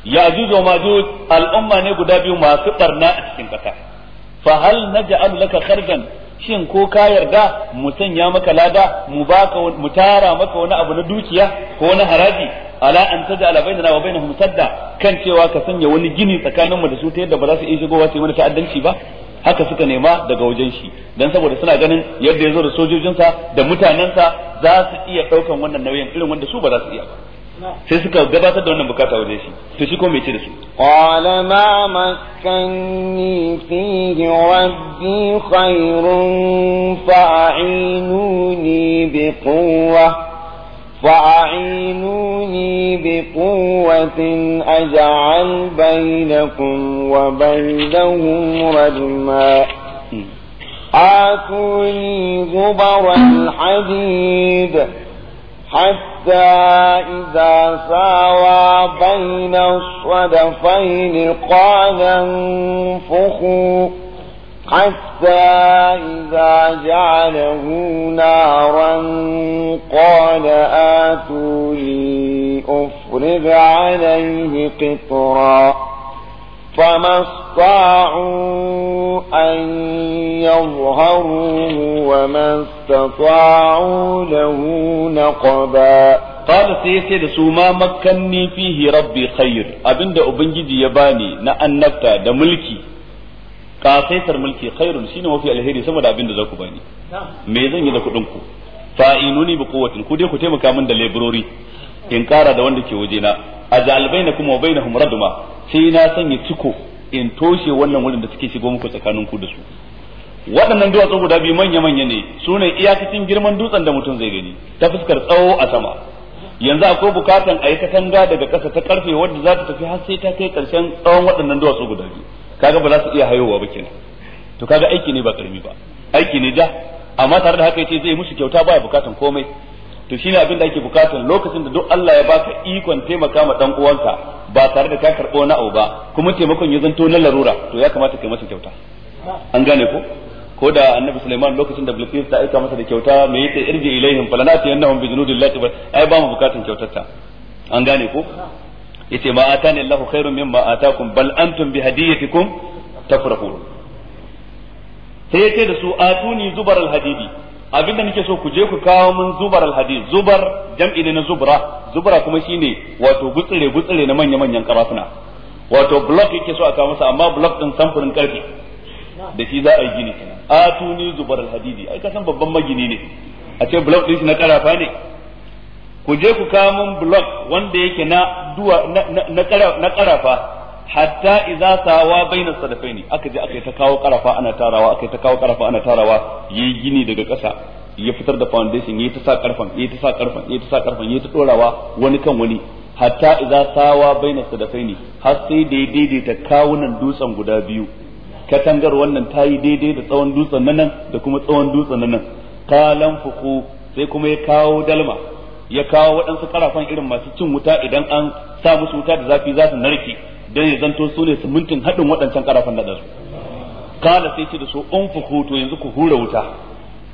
ya'juj wa ma'juj al'umma ne guda biyu masu barna a cikin kasa fa hal naj'al laka kharjan shin ko ka yarda mu sanya maka lada mu baka mu tara maka wani abu na dukiya ko na haraji ala an taj'ala bainana wa bainahum sadda kan cewa ka sanya wani gini tsakaninmu da su ta yadda ba za su iya shigowa su yi mana ta'addanci ba haka suka nema daga wajen shi dan saboda suna ganin yadda ya zo da sojojinsa da mutanensa za su iya ɗaukan wannan nauyin irin wanda su ba za su iya ba sai suka gabatar da wannan bukata wajen shi to shi ko me ce da su qala ma makanni fihi rabbi khairun fa'inuni bi quwwah فأعينوني بقوة أجعل بينكم وبينهم رجما آتوني زبر الحديد حتى إذا ساوى بين الصدفين قال انفخوا حتى إذا جعله نارا قال آتوني أفرغ عليه قطرا فما استطاعوا أن يظهروه وما استطاعوا له نقبا قال سيسير سوما مكني فيه ربي خير أبند أبنجي يباني نأنبتا دملكي kasaitar mulki khairun shine mafi alheri sama da abin da za ku bani me zan yi da kuɗin ku fa'inuni bi quwwatin ku dai ku taimaka min da laborori in kara da wanda ke waje na ajal bainakum wa bainahum raduma sai na sanya ciko in toshe wannan wurin da suke shigo muku tsakanin ku da su waɗannan duwatsu guda biyu manya-manya ne su ne iyakacin girman dutsen da mutum zai gani ta fuskar tsawo a sama yanzu akwai bukatan a yi katanga daga ƙasa ta ƙarfe wadda za ta tafi har sai ta kai ƙarshen tsawon waɗannan duwatsu guda biyu kaga ba za su iya hayowa ba kenan to kaga aiki ne ba karami ba aiki ne ja amma tare da haka yace zai musu kyauta baya bukatan komai to shine abin da ake bukatan lokacin da duk Allah ya baka ikon taimaka ma dan uwanka ba tare da ka karbo na ba kuma taimakon ya zanto na larura to ya kamata kai masa kyauta an gane ko ko da annabi Sulaiman lokacin da Bilqis ta aika masa da kyauta me yake irji ilaihim falanati annahum bi junudillahi lati ai ba mu bukatan ta an gane ko yace ma atani Allahu khairum mimma atakum bal antum bi hadiyatikum tafrahun sai yace da su atuni zubar hadidi abinda nake so ku je ku kawo mun zubar hadidi, zubar jam'i ne na zubra zubra kuma shine wato gutsire gutsire na manya manyan karafuna wato block yake so a kawo masa amma block din samfurin karfe da shi za a yi gini atuni zubar hadidi ai kasan babban magini ne a ce block din shi na karafa ne ku je ku kawo min block wanda yake na duwa na karafa hatta idza sawa bainas sadafaini aka je aka ta kawo karafa ana tarawa aka ta kawo karafa ana tarawa yayi gini daga ƙasa ya fitar da foundation yayi ta sa karfan yayi ta sa karfan yayi ta sa karfan yayi ta dorawa wani kan wani hatta idza sawa bainas sadafaini har sai da ya daidaita nan dutsen guda biyu katangar wannan ta yi daidai da tsawon dutsen nan da kuma tsawon dutsen nan kalan fuku sai kuma ya kawo dalma ya kawo waɗansu ƙarafan irin masu cin wuta idan an sa musu wuta da zafi za su narke dan ya zanto su ne mintin haɗin waɗancan ƙarafan na ɗansu kala sai ce da su in to yanzu ku hura wuta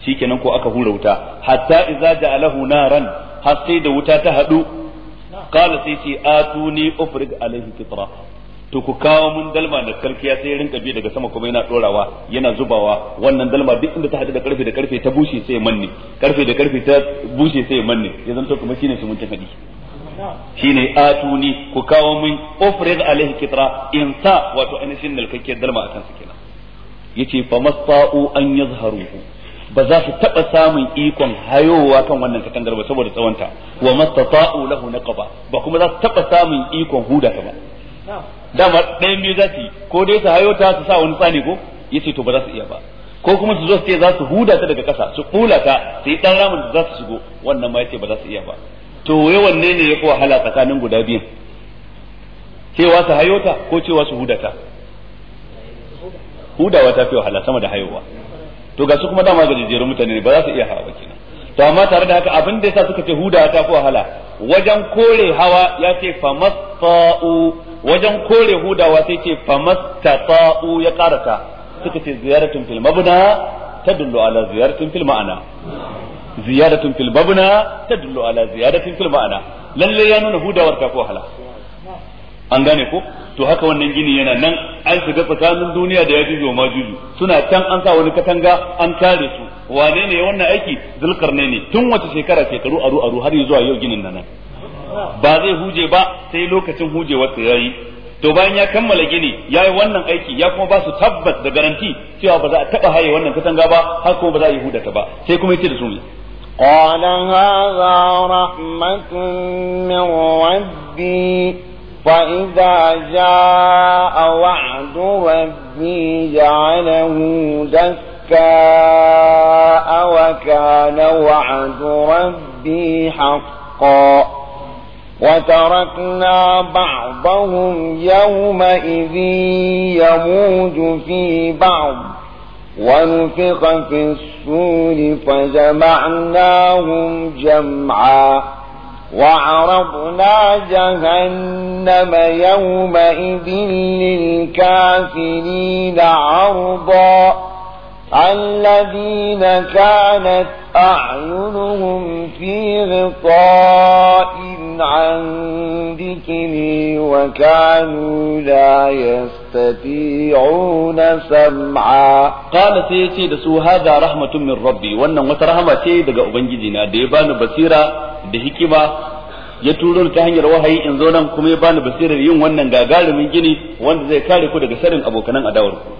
shikenan ko aka hura wuta hatta iza ja'alahu naran har sai da wuta ta haɗu kala sai ce atuni ufrig alaihi kitra to ku kawo mun dalma da karfiya sai rinka bi daga sama kuma yana dorawa yana zubawa wannan dalma duk inda ta hadu da karfe da karfe ta bushe sai ya manne karfe da karfe ta bushe sai ya manne ya zanto kuma shine su mun ta fadi shine atuni ku kawo mun ufrid alaihi kitra in sa wato ainihin nalkakke dalma akan su kenan yace fa masau an yazharuhu ba za su taba samun ikon hayowa kan wannan katangar ba saboda tsawonta wa mastata'u lahu naqaba ba kuma za su taba samun ikon huda ta ba dama ɗayan biyu za su yi ko dai su hayo ta su sa wani tsani ko ya ce to ba za su iya ba ko kuma su zo su ce za su huda ta daga ƙasa su kula ta su yi ɗan ramin da za su shigo wannan ma ce ba za su iya ba to wai wanne ne ya fi wahala tsakanin guda biyun cewa su hayo ta ko cewa su huda ta hudawa ta fi wahala sama da hayowa to ga su kuma dama ga jejjerun mutane ne ba za su iya hawa ba kenan to amma tare da haka abin da yasa suka ce huda ta fi wahala wajen kore hawa ya ce famasta'u wajen kore hudawa sai ce famastata'u ya karata suka ce ziyaratun fil mabna tadullu ala ziyaratun fil ma'ana ziyaratun fil mabna tadullu ala ziyaratun fil ma'ana lalle ya nuna hudawar ta fi wahala an gane ko to haka wannan gini yana nan an shiga tsakanin duniya da ya yajuju wa majuju suna can an sa wani katanga an kare su wane ne wannan aiki zulkar ne ne tun wace shekara shekaru aru aru har zuwa yau ginin nan ba zai huje ba sai lokacin hujewar ya yayi to bayan ya kammala gini ya yi wannan aiki ya kuma ba su tabbas da garanti cewa ba za a taba haye wannan katanga ba har kuma ba za a yi hudata ba sai kuma yace da su ne قال هذا رحمة من ربي فإذا جاء وعد ربي جعله دكاء وكان وعد ربي حقا وتركنا بعضهم يومئذ يموج في بعض ونفق في السور فجمعناهم جمعا وعرضنا جهنم يومئذ للكافرين عرضاً الذين كانت أعينهم في غطاء عن ذكري وكانوا لا يستطيعون سمعا قال سيتي دسو هذا رحمة من ربي وانا وترحمة سيدة أبنجدنا ديبان بصيرة دهكما ya turo ni ta hanyar wahayi in zo nan kuma ya bani basirar yin wannan gagarumin gini wanda zai kare ku daga sarin abokanan adawar ku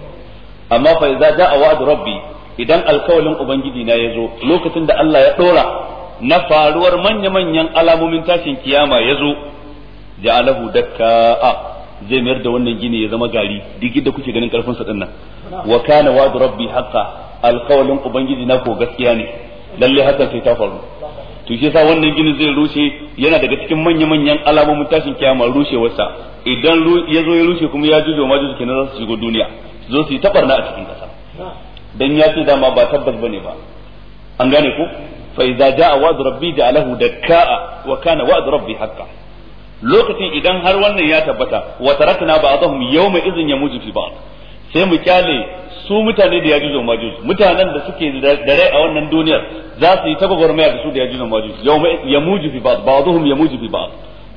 amma fa idza jaa wa'd rabbi idan alkawalin ubangiji na yazo lokacin da Allah ya dora na faruwar manya-manyan alamomin tashin kiyama yazo ja'alahu dakka'a zai mayar da wannan gini ya zama gari digi da kuke ganin karfin sa dinnan wa kana wa'd rabbi haqqan alkawalin ubangiji na ko gaskiya ne lalle hakan sai ta faru to shi yasa wannan gini zai rushe yana daga cikin manya-manyan alamomin tashin kiyama rushewarsa idan ya ya rushe kuma ya jujo ma jujo kenan za su shigo duniya zo su yi tabarna a cikin ƙasa. dan ya ce dama ba tabbas ba ne ba an gane ko fa idza jaa wa'd rabbi ja'alahu dakka'a wa kana wa'd rabbi haqqan lokacin idan har wannan ya tabbata wa tarakna ba'dahum yawma idhin yamuju fi ba'd sai mu kyale su mutane da yajuj wa majuj mutanen da suke da rai a wannan duniyar za su yi tabbar maya da su da yajuj wa majuj yawma yamuju fi ba'd ba'dahum yamuju fi ba'd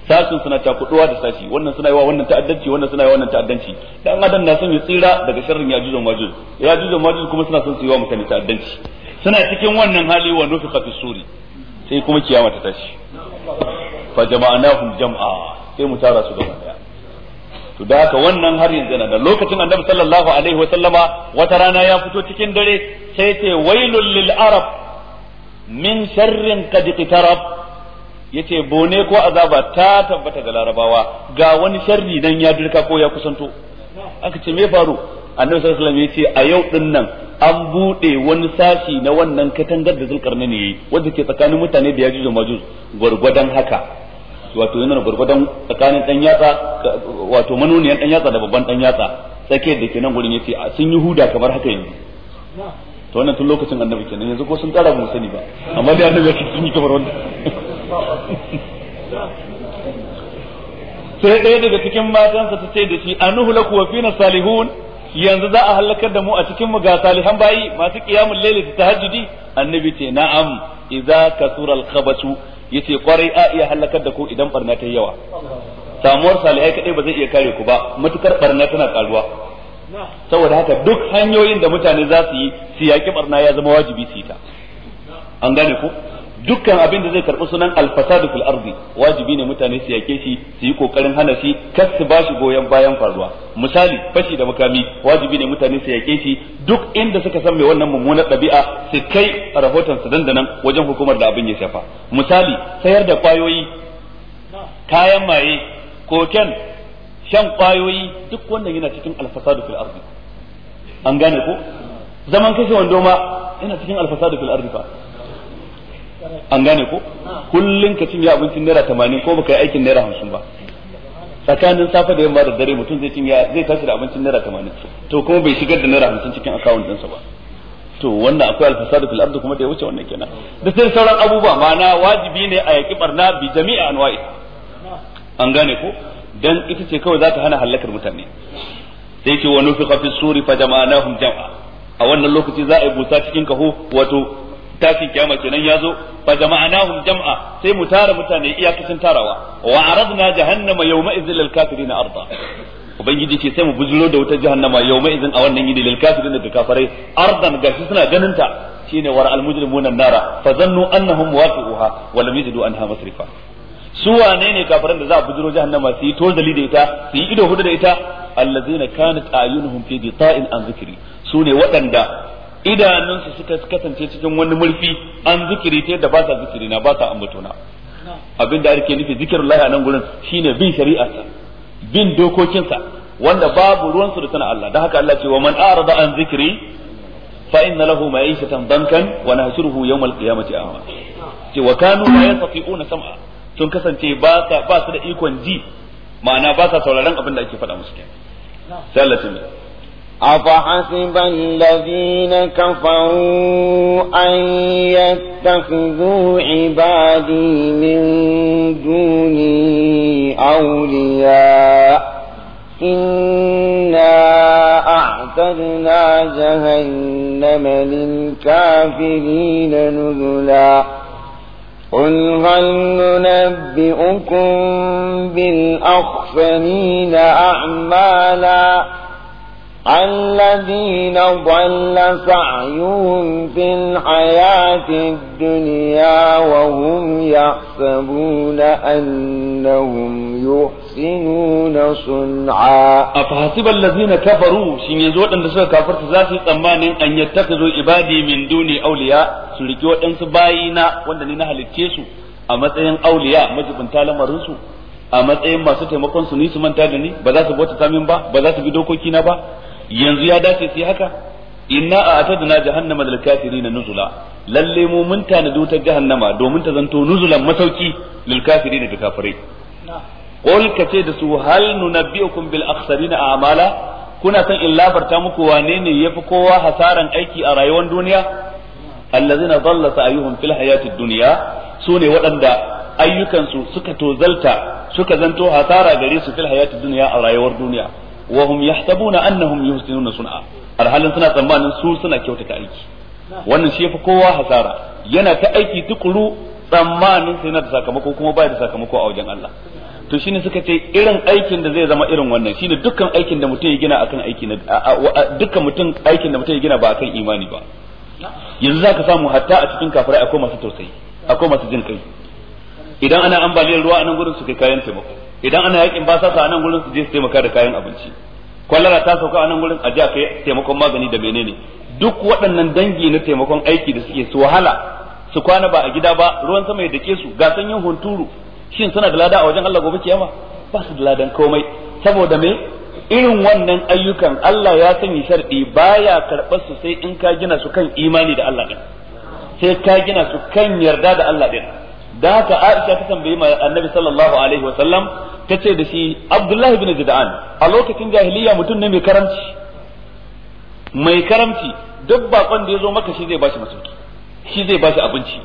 sashin suna takuduwa da sashi wannan suna yi wa wannan ta'addanci wannan suna yi wa wannan ta'addanci dan adam na son ya tsira daga sharrin yajuj wa majuj yajuj wa majuj kuma suna son su yi wa mutane ta'addanci suna cikin wannan hali wa nufiqa fi suri sai kuma kiyama ta tashi fa jama'anahum jam'a sai mu tara su gaba daya to da haka wannan har yanzu na da lokacin annabi sallallahu alaihi wa sallama wata rana ya fito cikin dare sai ce wailul lil arab min sharrin qad iqtarab yace bone ko azaba ta tabbata ga larabawa ga wani sharri dan ya dirka ko ya kusanto aka ce me faru annabi sallallahu alaihi wasallam yace a yau din nan an bude wani sashi na wannan katangar da zulkarni ne wanda ke tsakanin mutane da yajuj da majuj gurgurdan haka wato yana gurgudan tsakanin dan yatsa wato manuniyan dan yatsa da babban dan yatsa sake da ke nan gurin yace sun yi huda kamar haka yanzu to wannan tun lokacin annabi kenan yanzu ko sun tsara mu sani ba amma da annabi ya sun yi kamar wannan sai ɗaya daga cikin matansa ta ce da shi a nuhu laku wa fina salihun yanzu za a halakar da mu a cikin mu ga salihan bayi masu kiyamun lele ta tahajjudi annabi ce na'am idza kasura al yace kwarai a iya halakar da ku idan barna ta yawa samuwar salihai kaɗai ba zai iya kare ku ba matukar barna tana karuwa saboda haka duk hanyoyin da mutane za su yi su yaki barna ya zama wajibi su yi ta an gane ku dukkan abin da zai karɓi sunan alfasadu fil ardi wajibi ne mutane su yake shi su yi kokarin hana shi kar su bashi goyon bayan faruwa misali fashi da makami wajibi ne mutane su yake shi duk inda suka san mai wannan mummunar ɗabi'a su kai rahoton su dandanan wajen hukumar da abin ya shafa misali sayar da kwayoyi kayan maye koken shan kwayoyi duk wannan yana cikin alfasadu fil ardi an gane ko zaman kashe wando ma yana cikin alfasadu fil ardi fa an gane ko kullun ka cinye abincin naira tamanin ko baka yi aikin naira hamsin ba tsakanin safe da yamma da dare mutum zai cinye zai tashi da abincin naira tamanin to kuma bai shigar da naira hamsin cikin akawun ɗinsa ba to wannan akwai alfasadu fil ardi kuma da ya wuce wannan kenan da sai sauran abubuwa ma'ana wajibi ne a yaki barna bi jami'a anwa'i an gane ko dan ita ce kawai za ta hana halakar mutane sai ce wa nufiqa fi suri fa jama'nahum jam'a a wannan lokaci za a yi busa cikin kaho wato tashin kiyama kenan ya zo fa jama'anahum jam'a sai mu tara mutane iyakacin tarawa wa aradna jahannama yawma idzil lil kafirin arda ubangiji ce sai mu buzuro da wutar jahannama yawma idzin a wannan yini lil kafirin da kafarai ardan gashi suna ganin ta shine war al mujrimuna nara fa zannu annahum waqi'uha wa lam yajidu anha masrifa su wane ne kafiran da za a bujiro jahannama su yi tozali da ita su yi ido hudu da ita allazina kanat ayunuhum fi bita'in an zikiri su ne waɗanda idanunsu suka kasance cikin wani mulki an zikiri ta yadda ba sa zikiri na ba sa ambatona abin da ake nufi zikirin lahi a nan gurin shine bin shari'arsa bin dokokinsa wanda babu ruwansu da sana Allah don haka Allah ce wa man arada an zikiri fa inna lahu ma'ishatan dankan wa nahshuruhu yawmal qiyamati a'ma ce wa kanu la yastati'una sam'a sun kasance ba sa ba su da ikon ji ma'ana ba sa sauraron abin da ake faɗa musu kenan sai Allah أفحسب الذين كفروا أن يتخذوا عبادي من دوني أولياء إنا أعتدنا جهنم للكافرين نذلا قل هل ننبئكم بالأخفنين أعمالا الذين ضل سعيهم في الحياة الدنيا وهم يحسبون أنهم يحسنون صنعا أفحسب الذين كفروا شين يزوت أن رسول كفر تزاسي تمان أن يتخذوا عبادي من دون أولياء سلكي أن سباينا وأن نهل التيسو أمتين أولياء مجبن تالا مرنسو a matsayin masu taimakon su ni su manta da ni ba za su bauta samin ba ba za su bi dokoki na ba yanzu ya dace sai haka inna a atadna jahannama lil kafirin nuzula lalle mu mun tanadu ta jahannama domin ta zanto nuzulan masauki lil kafirin da kafirai qul ce da su hal nunabbiukum bil akhsarina a'mala kuna san in labarta muku wane ne yafi kowa hasaran aiki a rayuwar duniya allazina dalla sa'yuhum fil hayatid dunya sune waɗanda ayyukansu suka tozalta suka zanto hasara gare su fil hayatid dunya a rayuwar duniya wa hum yahsabuna annahum yuhsinuna sun'a alhalin suna tsammanin su suna kyautata aiki wannan shi yafi kowa hasara yana ta aiki tukuru tsammanin sai na da sakamako kuma ba da sakamako a wajen Allah to shine suka ce irin aikin da zai zama irin wannan shine dukkan aikin da mutum ya gina akan aiki na dukkan mutum aikin da mutum ya gina ba akan imani ba yanzu zaka samu hatta a cikin kafirai akwai masu tausayi akwai masu jin kai idan ana ambaliyar ruwa nan gurin su kai kayan taimako idan ana yakin ba sa a nan gurin su je su taimaka da kayan abinci kwallara ta sauka anan nan gurin a jiya kai taimakon magani da menene duk waɗannan dangi na taimakon aiki da suke su wahala su kwana ba a gida ba ruwan sama ya dake su ga sanyin hunturu shin suna da lada a wajen Allah gobe kiyama ba su da ladan komai saboda me irin wannan ayyukan Allah ya sanya sharɗi baya karɓar su sai in ka gina su kan imani da Allah din sai ka gina su kan yarda da Allah din da haka Aisha ta tambayi Annabi sallallahu alaihi wa sallam tace da shi Abdullah ibn Jid'an a lokacin jahiliya mutum ne mai karamci mai karamci duk bakon da ya zo maka shi zai bashi masauki shi zai bashi abinci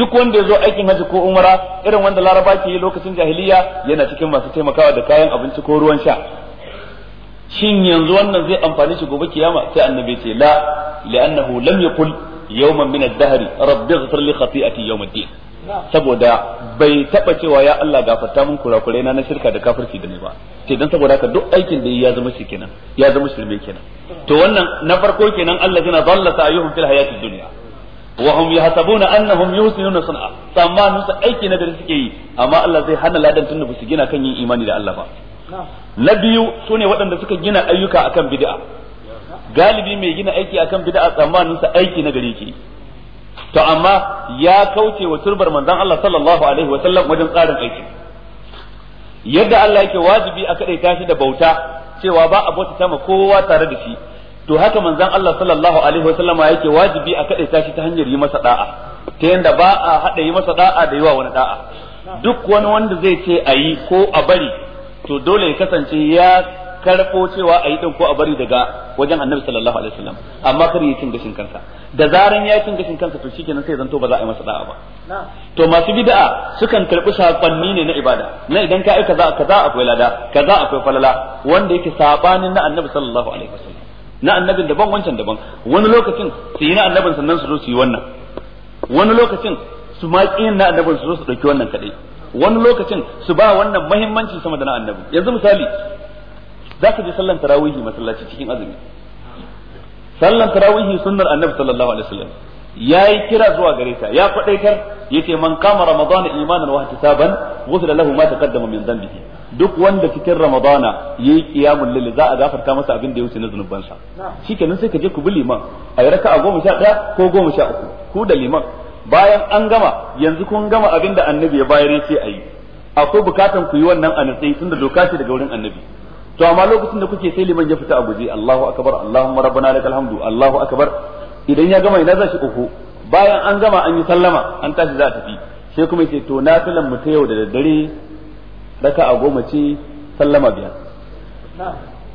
duk wanda ya zo aikin hajji ko umara irin wanda laraba ke yi lokacin jahiliya yana cikin masu taimakawa da kayan abinci ko ruwan sha shin yanzu wannan zai amfani shi gobe kiyama sai annabi ce la li'annahu lam yakul yawman min ad-dahr rabbi ighfir li khati'ati yawm ad-din saboda bai taba cewa ya Allah gafarta mun kurakurai na na shirka da kafirci da ne ba ce dan saboda haka duk aikin da ya zama shi kenan ya zama shirme kenan to wannan na farko kenan Allah yana dalla ayyuhum fil hayati dunya wa hum yahsabuna annahum yusinuna sun'a mun sa aiki na da suke yi amma Allah zai hana ladan tun da su gina kan yin imani da Allah ba na biyu sune waɗanda suka gina ayyuka akan bid'a galibi mai gina aiki akan bid'a tsammanin sa aiki na gari ke to amma ya kauce wa turbar manzon Allah sallallahu alaihi wa sallam wajen tsarin aiki yadda Allah yake wajibi a kadai tashi da bauta cewa ba a bauta ma kowa tare da shi to haka manzon Allah sallallahu alaihi wa sallama yake wajibi a kadai tashi ta hanyar yi masa da'a ta yanda ba a hada yi masa da'a da yawa wani da'a duk wani wanda zai ce a yi ko a bari to dole ya kasance ya karɓo cewa a yi ko a bari daga wajen annabi sallallahu alaihi wasallam amma kar yi cin gashin kansa da zaran ya cin gashin kansa to shikenan sai zanto ba za a yi masa da'a ba to masu bid'a sukan karɓi sakonni ne na ibada na idan ka aika kaza kaza akwai lada kaza akwai falala wanda yake sabanin na annabi sallallahu alaihi wasallam na annabin daban wancan daban wani lokacin su yi na annabin sannan su zo su yi wannan wani lokacin su ma na annabin su zo su ɗauki wannan kaɗai wani lokacin su ba wannan muhimmancin sama da na annabi yanzu misali za ka je sallan tarawihi masallaci cikin azumi sallan tarawihi sunnar annabi sallallahu alaihi wasallam yayi kira zuwa gare ta ya kwadaitar yace man kama ramadana imanan wa ihtisaban ghufira lahu ma taqaddama min dhanbihi duk wanda cikin ramadana yayi qiyamul lail za a gafarta masa abin da ya wuce na sa. shikenan sai ka je ku bi liman ayi raka'a 11 ko 13 ku da liman bayan an gama yanzu kun gama abin da annabi ya bayar yace ayi akwai bukatan ku yi wannan a tunda doka ce daga wurin annabi to amma lokacin da kuke sai liman ya fita a guje Allahu akbar Allahumma rabbana lakal hamdu Allahu akbar idan ya gama ina za shi uku bayan an gama an yi sallama an tashi za a tafi sai kuma yace to nafilan mu ta yau da daddare raka'a goma ce sallama biyar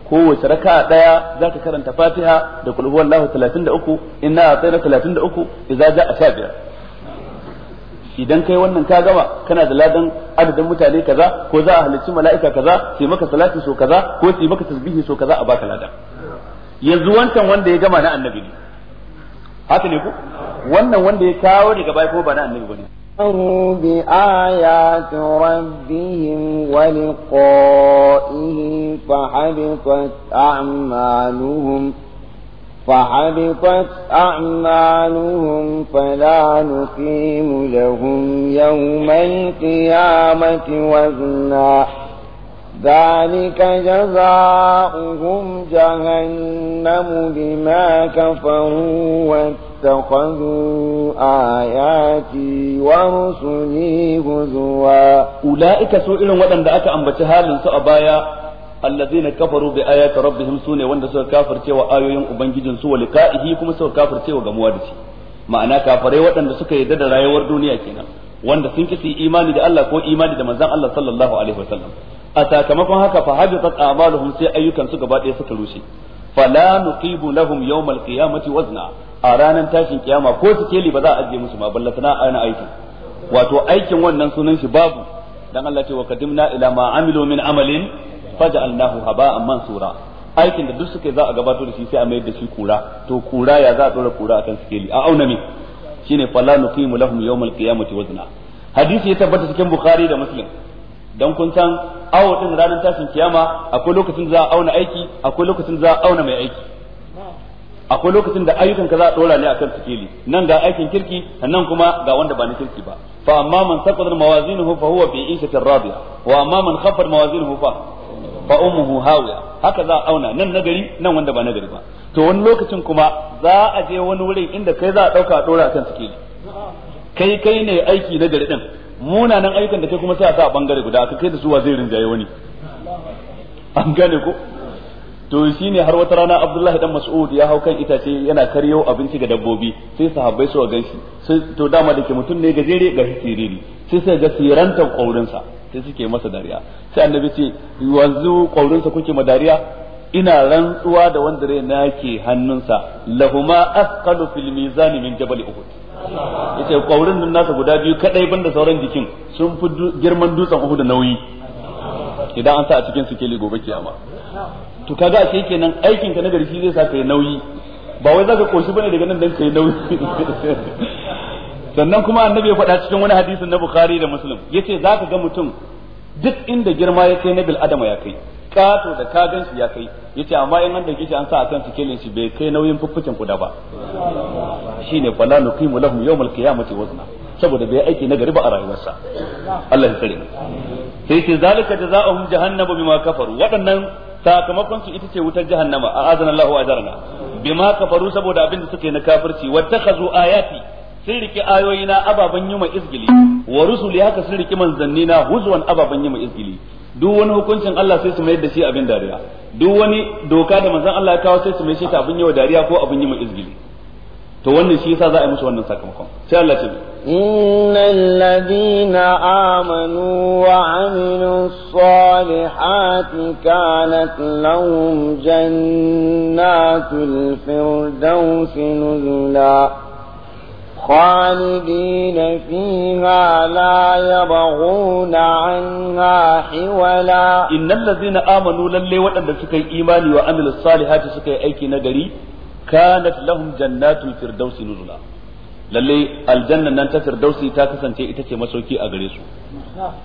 kowace raka'a daya za ka karanta Fatiha da kul huwallahu 33 inna atayna 33 idza sha biyar. idan kai wannan ka gama kana da ladan adadin mutane kaza ko za a halicci mala'ika kaza sai maka salati so kaza ko sai maka tasbihi so kaza a baka ladan yanzu wancan wanda ya gama na annabi ne haka ne ku? wannan wanda ya kawo daga baya ko ba na annabi bane كفروا بآيات ربهم ولقائه فحبطت a'maluhum فحبطت أعمالهم فلا نقيم لهم يوم القيامة وزنا ذلك جزاؤهم جهنم بما كفروا واتخذوا آياتي ورسلي هزوا أولئك سوء لهم ودن دعك أنبتها لنسأ بايا Allah allazina kafaru bi ayati rabbihim sune wanda suka kafirce wa ayoyin ubangijin su wa liqa'ihi kuma suka kafirce wa gamuwa da shi ma'ana kafirai waɗanda suka yarda da rayuwar duniya kenan wanda sun ki su imani da Allah ko imani da manzan Allah sallallahu alaihi wasallam a sakamakon haka fa habitat a'maluhum sai ayyukan su gaba ɗaya suka rushe fala nuqibu lahum yawmal qiyamati wazna a ranar tashin kiyama ko sikeli ba za a ajiye musu ma ballatana ana aikin wato aikin wannan sunan shi babu dan Allah ce wa qadimna ila ma amilu min amalin faja'alnahu haba'an mansura aikin da duk suke za a gabatar da shi sai a mayar da shi kura to kura ya za a dora kura akan sikeli a auna me shine fala nuqimu lahum yawmal qiyamati wazna hadisi ya tabbata cikin bukhari da muslim dan kun san awo din ranar tashin kiyama akwai lokacin za a auna aiki akwai lokacin za a auna mai aiki akwai lokacin da ayyukan ka za a dora ne akan sikeli nan ga aikin kirki nan kuma ga wanda ba ni kirki ba fa amma man saqata mawazinuhu fa huwa fi ishatin radiya wa amma man khaffat mawazinuhu fa fa ummuhu hawiya haka za a auna nan nagari nan wanda ba nagari ba to wani lokacin kuma za a je wani wurin inda kai za a dauka a dora kan sikeli kai kai ne aiki na gari din munanan ayyukan da kai kuma sai a sa bangare guda ka kai da su wa zai rinjaye wani an gane ko to shi ne har wata rana Abdullahi dan Mas'ud ya hau kan itace yana karyo abinci ga dabbobi sai sahabbai su gan shi sai to dama dake mutum ne gajere ga siriri sai sai ga sirantan kaurinsa sai suke masa dariya sai annabi ce yanzu kaurinsa kuke dariya ina rantsuwa da wanda rai na ke hannunsa lahuma asqalu fil mizani min jabal uhud yace kaurin nan nasa guda biyu kadai banda sauran jikin sun fi girman dutsen uhud nauyi idan an sa a cikin sikeli gobe kiyama to kaga a shi kenan aikin ka na gari shi zai sa kai nauyi ba wai zaka koshi bane daga nan dan kai nauyi sannan kuma annabi ya faɗa cikin wani hadisin na bukhari da muslim yace zaka ga mutum duk inda girma ya kai na bil adama ya kai kato da kagan shi ya kai yace amma in an shi an sa akan sikelin shi bai kai nauyin fuffucin kuda ba shine fala nuqimu lahum yawmal qiyamati wazna saboda bai aiki na gari ba a rayuwarsa Allah ya kare sai ce zalika jazaohum jahannamu bima kafaru waɗannan sakamakon su ita ce wutar jahannama a azan Allahu ajarna bima kafaru saboda abin da suke na kafirci takhazu ayati sun riki na ababan yuma izgili wa rusuli haka sun riki na huzwan ababan yuma izgili duk wani hukuncin Allah sai su mayar da shi abin dariya duk wani doka da manzon Allah ya kawo sai su mai shi ta abin yawa dariya ko abin yuma izgili to wannan shi yasa za a yi musu wannan sakamakon sai Allah ce إن الذين آمنوا وعملوا الصالحات كانت لهم جنات الفردوس نزلا خالدين فيها لا يبغون عنها حولا إن الذين آمنوا للي وأن سكي إيماني وعملوا الصالحات سكي أيكي نجري كانت لهم جنات الفردوس نزلا lalle aljannan nan ta firdausi ta kasance ita ce masauki a gare su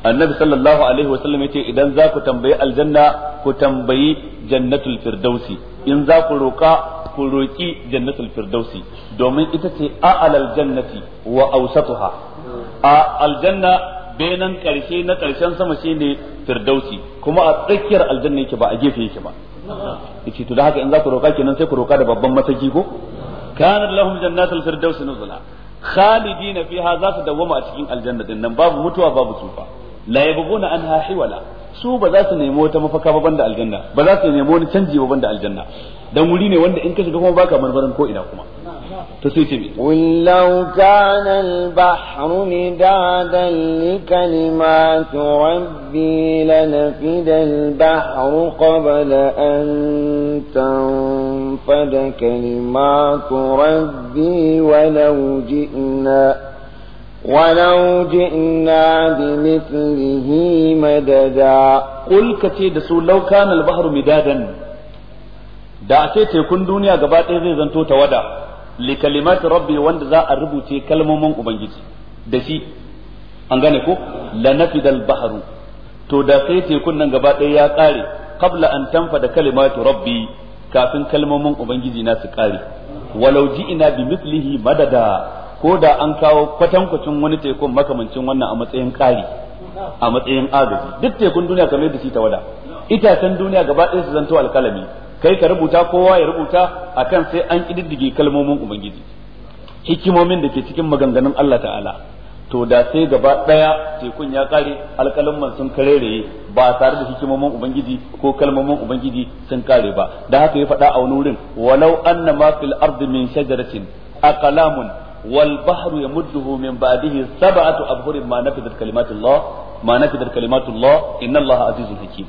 annabi sallallahu alaihi wa sallam yace idan za ku tambayi aljanna ku tambayi jannatul firdausi in za ku roka ku roki jannatul firdausi domin ita ce a'alal jannati wa awsatuha a aljanna benan karshe na karshen sama shine firdausi kuma a tsakiyar aljanna yake ba a gefe yake ba yace to da haka in za ku roka kenan sai ku roka da babban masaki ko kanat lahum jannatul firdaus nuzula khalidina fiha zasu su dawwama a cikin aljanna din babu mutuwa babu tsufa la yabghuna anha hiwala su ba zasu nemo nemi mafaka ba banda aljanna ba zasu su nemi wani canji ba banda aljanna dan wuri ne wanda in ka shiga kuma baka marmarin ko ina kuma to sai ce qul law kana al-bahru midadan li kalimati rabbi lanafida al-bahru qabla an tanfada kalimatu rabbi walau ji'na ولو جئنا بمثله مددا قل كتي دسو لو كان البحر مدادا da a tekun duniya gaba ɗaya zai zanto ta wada li kalimat rabbi wanda za a rubuce kalmomin ubangiji da shi an gane ko la nafidal bahru to da sai tekun nan gaba ya ƙare qabla an tanfada kalimatu rabbi kafin kalmomin ubangiji na su ƙare walau ina bi mislihi madada ko da an kawo kwatankwacin wani tekun makamancin wannan a matsayin ƙari a matsayin agaji duk tekun duniya kamar da shi wada. itacen duniya gaba su zanto alkalami kai ka rubuta kowa ya rubuta akan sai an kididdige kalmomin ubangiji hikimomin da ke cikin maganganun Allah ta'ala to da sai gaba daya tekun ya kare alƙalin sun karere ba tare da hikimomin ubangiji ko kalmomin ubangiji sun kare ba da haka ya faɗa a wani wurin walau anna ma fil ardi min shajaratin aqlamun wal bahru yamudduhu min ba'dihi sab'atu abhurin ma nafidat kalimatullah ma nafidat kalimatullah inna allaha azizun hakim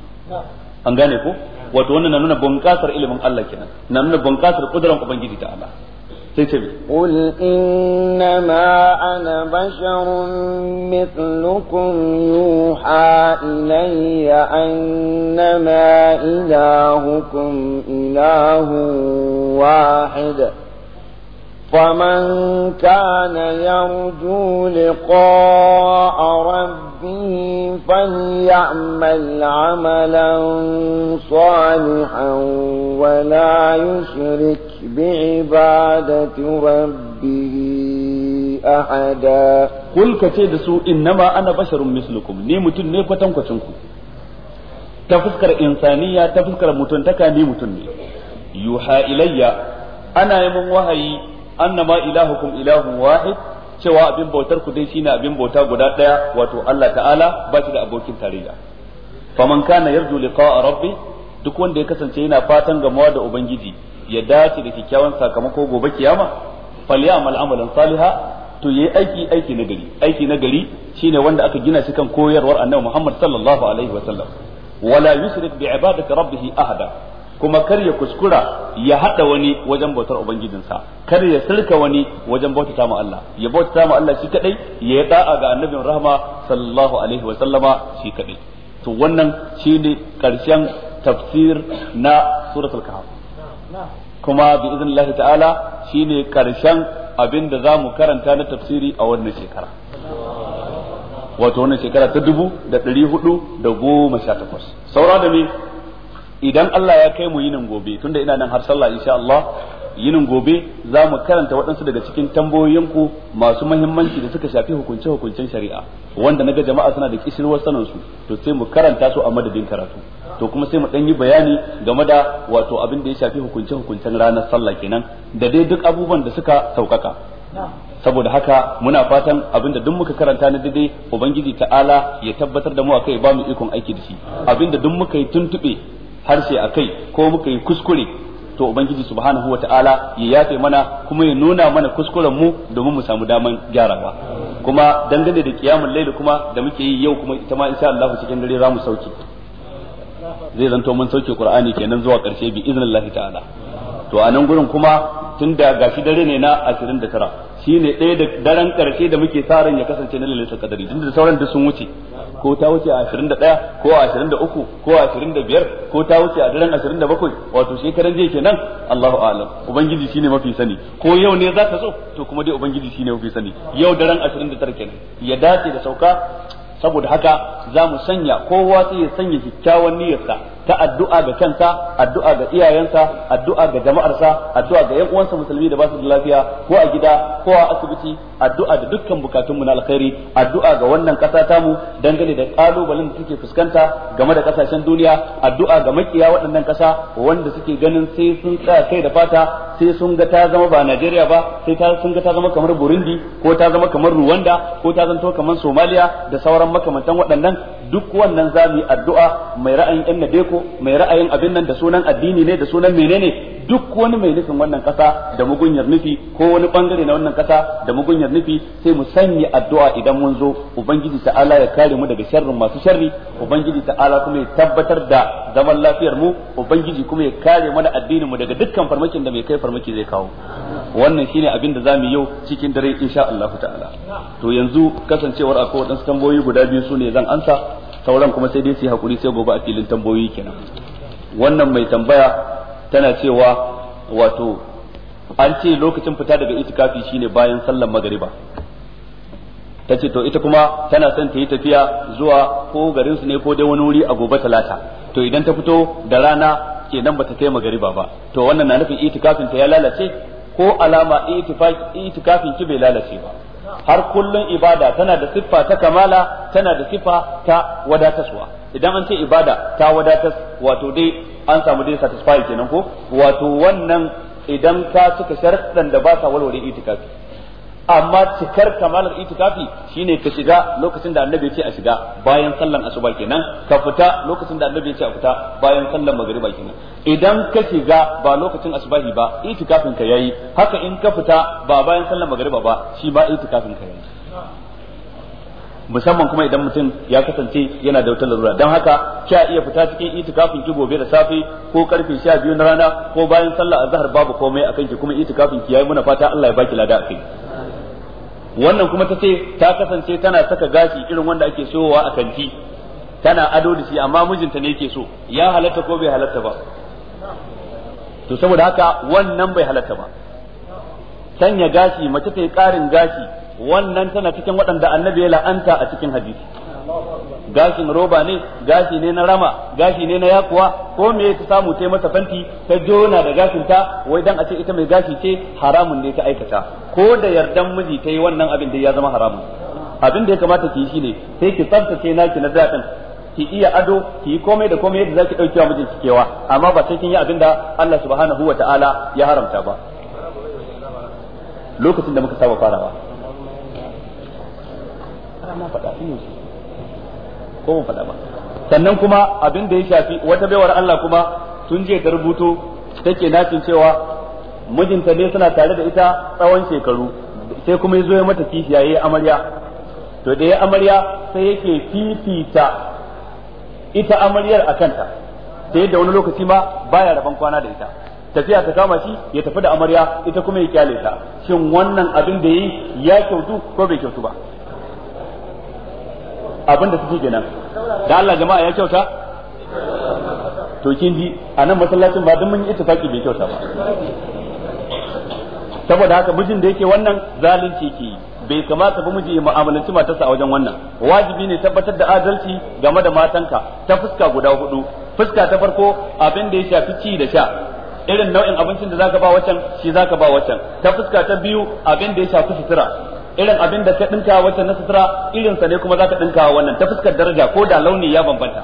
an gane ko wato wannan na nuna bunƙasar ilimin Allah kenan na nuna bunƙasar kudurar ubangiji ta Allah sai ce mi qul inna ma ana basharun mithlukum yuha ilayya annama ilahukum ilahun wahid فمن كان يرجو لقاء ربه فليعمل عملا صالحا ولا يشرك بعبادة ربه أحدا قل كتيد سوء إنما أنا بشر مثلكم نيمتن نيكوتن كوتنكم تفكر إنسانية تفكر متنتكا نيمتن يوحى إلي أنا يمن وهي annama ilahukum ilahun wahid cewa abin bautar ku dai shine abin bauta guda daya wato Allah ta'ala ba shi da abokin tarayya faman kana yarju liqa'a rabbi duk wanda ya kasance yana fatan gamuwa da ubangiji ya dace da kyakkyawan sakamako gobe kiyama falyamal amalan saliha to yayi aiki aiki na gari aiki na gari shine wanda aka gina shi kan koyarwar annabi Muhammad sallallahu alaihi wa sallam wala yushrik bi ibadati rabbih ahada kuma kar ya kuskura ya hada wani wajen bautar ubangijinsa kar ya sirka wani wajen bautata ma Allah ya bautata ma Allah shi kadai ya yi da'a ga annabin rahama sallallahu alaihi wa sallama shi kadai to wannan shine karshen tafsir na suratul kahf kuma bi idnillahi ta'ala shine karshen abin da za mu karanta na tafsiri a wannan shekara wato wannan shekara ta dubu da ɗari hudu da goma sha takwas saura da me idan Allah ya kai mu yinin gobe tun da ina nan har sallah insha Allah yinin gobe za mu karanta waɗansu daga cikin tambayoyinku masu mahimmanci da suka shafi hukunce hukuncen shari'a wanda naga jama'a suna da kishirwar sanin su to sai mu karanta su a madadin karatu to kuma sai mu dan yi bayani game da wato abin da ya shafi hukunce hukuncen ranar sallah kenan da dai duk abubuwan da suka saukaka saboda haka muna fatan abin da duk muka karanta na daidai ubangiji ta'ala ya tabbatar da mu akai ba mu ikon aiki da shi Abin da duk muka yi tuntube harshe a kai ko muka yi kuskure to ubangiji subhanahu wataala ya yafe mana kuma ya nuna mana kuskuren mu domin mu samu daman gyarawa kuma dangane da kiyamul laili kuma da muke yi yau kuma ita ma insha Allah cikin dare za mu sauke zai zanto mun sauke qur'ani kenan zuwa karshe bi iznillahi ta'ala to a nan gurin kuma tun da gashi dare ne na 29 shine ɗaya da daren ƙarshe da muke sa ran ya kasance na lalata kadari tun da sauran duk sun wuce ko ta wuce a 21 ko a 23 ko a 25 ko ta wuce a daren 27 wato shekaran jiya kenan Allahu a'lam ubangiji shine mafi sani ko yau ne za ka so to kuma dai ubangiji shine mafi sani yau daren 29 kenan ya dace da sauka saboda haka za mu sanya kowa sai ya sanya kyakkyawan niyyarsa ta addu'a ga kanta addu'a ga iyayensa addu'a ga jama'arsa addu'a ga yan uwansa musulmi da ba su da lafiya ko a gida ko a asibiti addu'a da dukkan bukatunmu na alkhairi addu'a ga wannan kasa tamu dangane da kalubalen da suke fuskanta game da kasashen duniya addu'a ga makiya waɗannan kasa wanda suke ganin sai sun tsaya kai da fata sai sun ga ta zama ba Najeriya ba sai ta sun ga ta zama kamar Burundi ko ta zama kamar Rwanda ko ta zanto kamar Somalia da sauran makamantan waɗannan duk wannan za mu yi addu'a mai ra'ayin yan nadeko mai ra'ayin abin nan da sunan addini ne da sunan menene duk wani mai nufin wannan kasa da mugunyar nufi ko wani bangare na wannan kasa da mugunyar nufi sai mu sanya addu'a idan mun zo ubangiji ta'ala ya kare mu daga sharrin masu sharri ubangiji ta'ala kuma ya tabbatar da zaman lafiyar mu ubangiji kuma ya kare mana addinin mu daga dukkan farmakin da mai kai farmaki zai kawo wannan shine abin da zamu yau cikin dare insha Allah ta'ala to yanzu kasancewar akwai wadansu tambayoyi guda biyu su ne zan ansa sauran kuma sai dai su yi hakuri sai gobe a filin tambayoyi kenan wannan mai tambaya tana cewa wato an ce lokacin fita daga itikafi shine bayan sallar magariba ta ce to ita kuma tana son ta yi tafiya zuwa ko garinsu ne ko dai wani wuri a gobe talata to idan ta fito da rana kenan bata kai magariba ba to wannan na nufin itikafin ta ya lalace ko alama itikafin ki bai lalace ba har kullun ibada tana da siffa ta kamala tana da siffa ta wadataswa idan an ce ibada ta wadatas wato dai an samu dai satisfy kenan ko wato wannan idan ka suka sharaɗan da ba sa walwale itikafi amma cikar kamalar itikafi shine ka shiga lokacin da annabi ya ce a shiga bayan sallan asuba kenan ka fita lokacin da annabi ya ce a fita bayan sallan magriba kenan idan ka shiga ba lokacin asubahi ba itikafin ka yayi haka in ka fita ba bayan sallan magriba ba shi ba itikafin ka yayi musamman kuma idan mutum ya kasance yana da wutar lalura don haka kya iya fita cikin itikafin ki gobe da safe ko karfe sha biyu na rana ko bayan sallah azhar babu komai akan ki kuma itikafin ki yayi muna fata Allah ya baki lada a kai wannan kuma ta ce ta kasance tana saka gashi irin wanda ake sowa a kanti tana ado da shi amma mijinta ne yake so ya halatta ko bai halatta ba to saboda haka wannan bai halatta ba sanya gashi mace ta yi karin gashi wannan tana cikin waɗanda annabi ya la'anta a cikin hadisi gashin roba ne gashi ne na rama gashi ne na yakuwa ko me ta samu sai mata fanti ta jona da gashin ta wai dan a ce ita mai gashi ce haramun ne ta aikata ko da yardan miji ta yi wannan abin da ya zama haramun abin da ya kamata ki yi ne sai ki tsaftace naki na dadin ki iya ado ki yi komai da komai yadda zaki dauke wa mijinki kewa amma ba sai kin yi abin da Allah subhanahu ta'ala ya haramta ba lokacin da muka saba farawa ba. ko mu faɗa ba sannan kuma abin da ya shafi wata baiwar Allah kuma tun je ta rubuto take nacin cewa mijinta ne suna tare da ita tsawon shekaru sai kuma ya zo ya mata kishiya ya amarya to da ya amarya sai yake fifita ita amaryar a kanta sai da wani lokaci ma baya rabon kwana da ita tafiya ta kama shi ya tafi da amarya ita kuma ya kyale ta shin wannan abin da yi ya kyautu ko bai kyautu ba abin da suke kenan da Allah jama'a ya kyauta to kin ji a nan masallacin ba duk mun yi ittifaki bai kyauta ba saboda haka mijin da yake wannan zalunci ke yi bai kamata ba miji ya mu'amalanci matarsa a wajen wannan wajibi ne tabbatar da adalci game da matanka ta fuska guda hudu fuska ta farko abin da ya shafi ci da sha irin nau'in abincin da zaka ba wacan shi zaka ba wacan ta fuska ta biyu abin da ya shafi sutura irin abin da ka dinka wata na sutura irin sa ne kuma zaka dinka wannan ta fuskar daraja ko da launi ya bambanta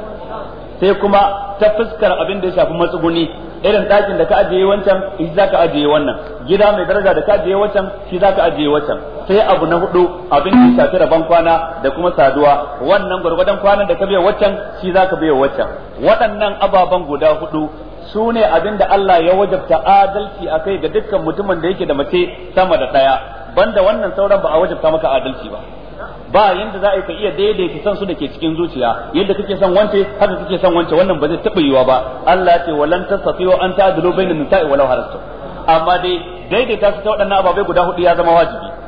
sai kuma ta fuskar abin da ya shafi matsuguni irin ɗakin da ka ajiye wancan shi zaka ajiye wannan gida mai daraja da ka ajiye wancan shi zaka ajiye wancan sai abu na hudu abin da ya shafi rabon kwana da kuma saduwa wannan gwargwadon kwanan da ka biya wancan shi zaka biya wancan waɗannan ababen guda hudu su ne abin da Allah ya wajabta adalci a kai ga dukkan mutumin da yake da mace sama da ɗaya banda wannan sauran ba a wajabta maka adalci ba ba yanda za a ka iya daidaita san su da ke cikin zuciya yadda kake son wance haka kake son wance wannan ba zai taɓa yiwa ba Allah ce walan wa an adlu bainan nisa'i walau harastu amma dai daidaita su ta waɗannan ababai guda hudu ya zama wajibi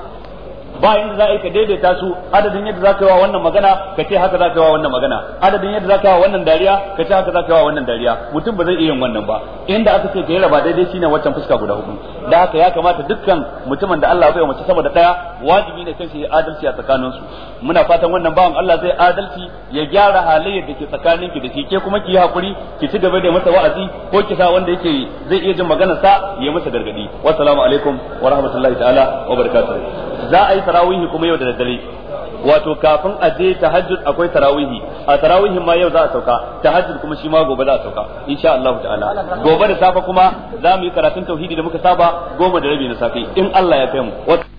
ba inda za a yi ka daidaita su adadin yadda za ka yi wa wannan magana ka ce haka za ka yi wa wannan magana adadin yadda za ka yi wa wannan dariya ka ce haka za ka yi wa wannan dariya mutum ba zai iya yin wannan ba inda aka ce ka yi raba daidai shine waccan fuska guda hudu da haka ya kamata dukkan mutumin da Allah ya bayyana mace sama da daya wajibi ne kan shi ya adalci a tsakanin su muna fatan wannan bawan Allah zai adalci ya gyara halayyar da ke tsakanin ki da shi ke kuma ki yi hakuri ki ci gaba da masa wa'azi ko ki sa wanda yake zai iya jin maganar sa ya masa gargadi wassalamu alaikum wa rahmatullahi ta'ala wa barakatuh za a yi tarawihi kuma yau da daddare wato kafin a je tahajjud akwai tarawihi a tarawihin ma yau za a sauka tahajjud kuma shi ma gobe za a sauka insha Allah ta'ala gobe da safe kuma za mu yi karatun tauhidi da muka saba goma da rabi na safe in Allah ya kai mu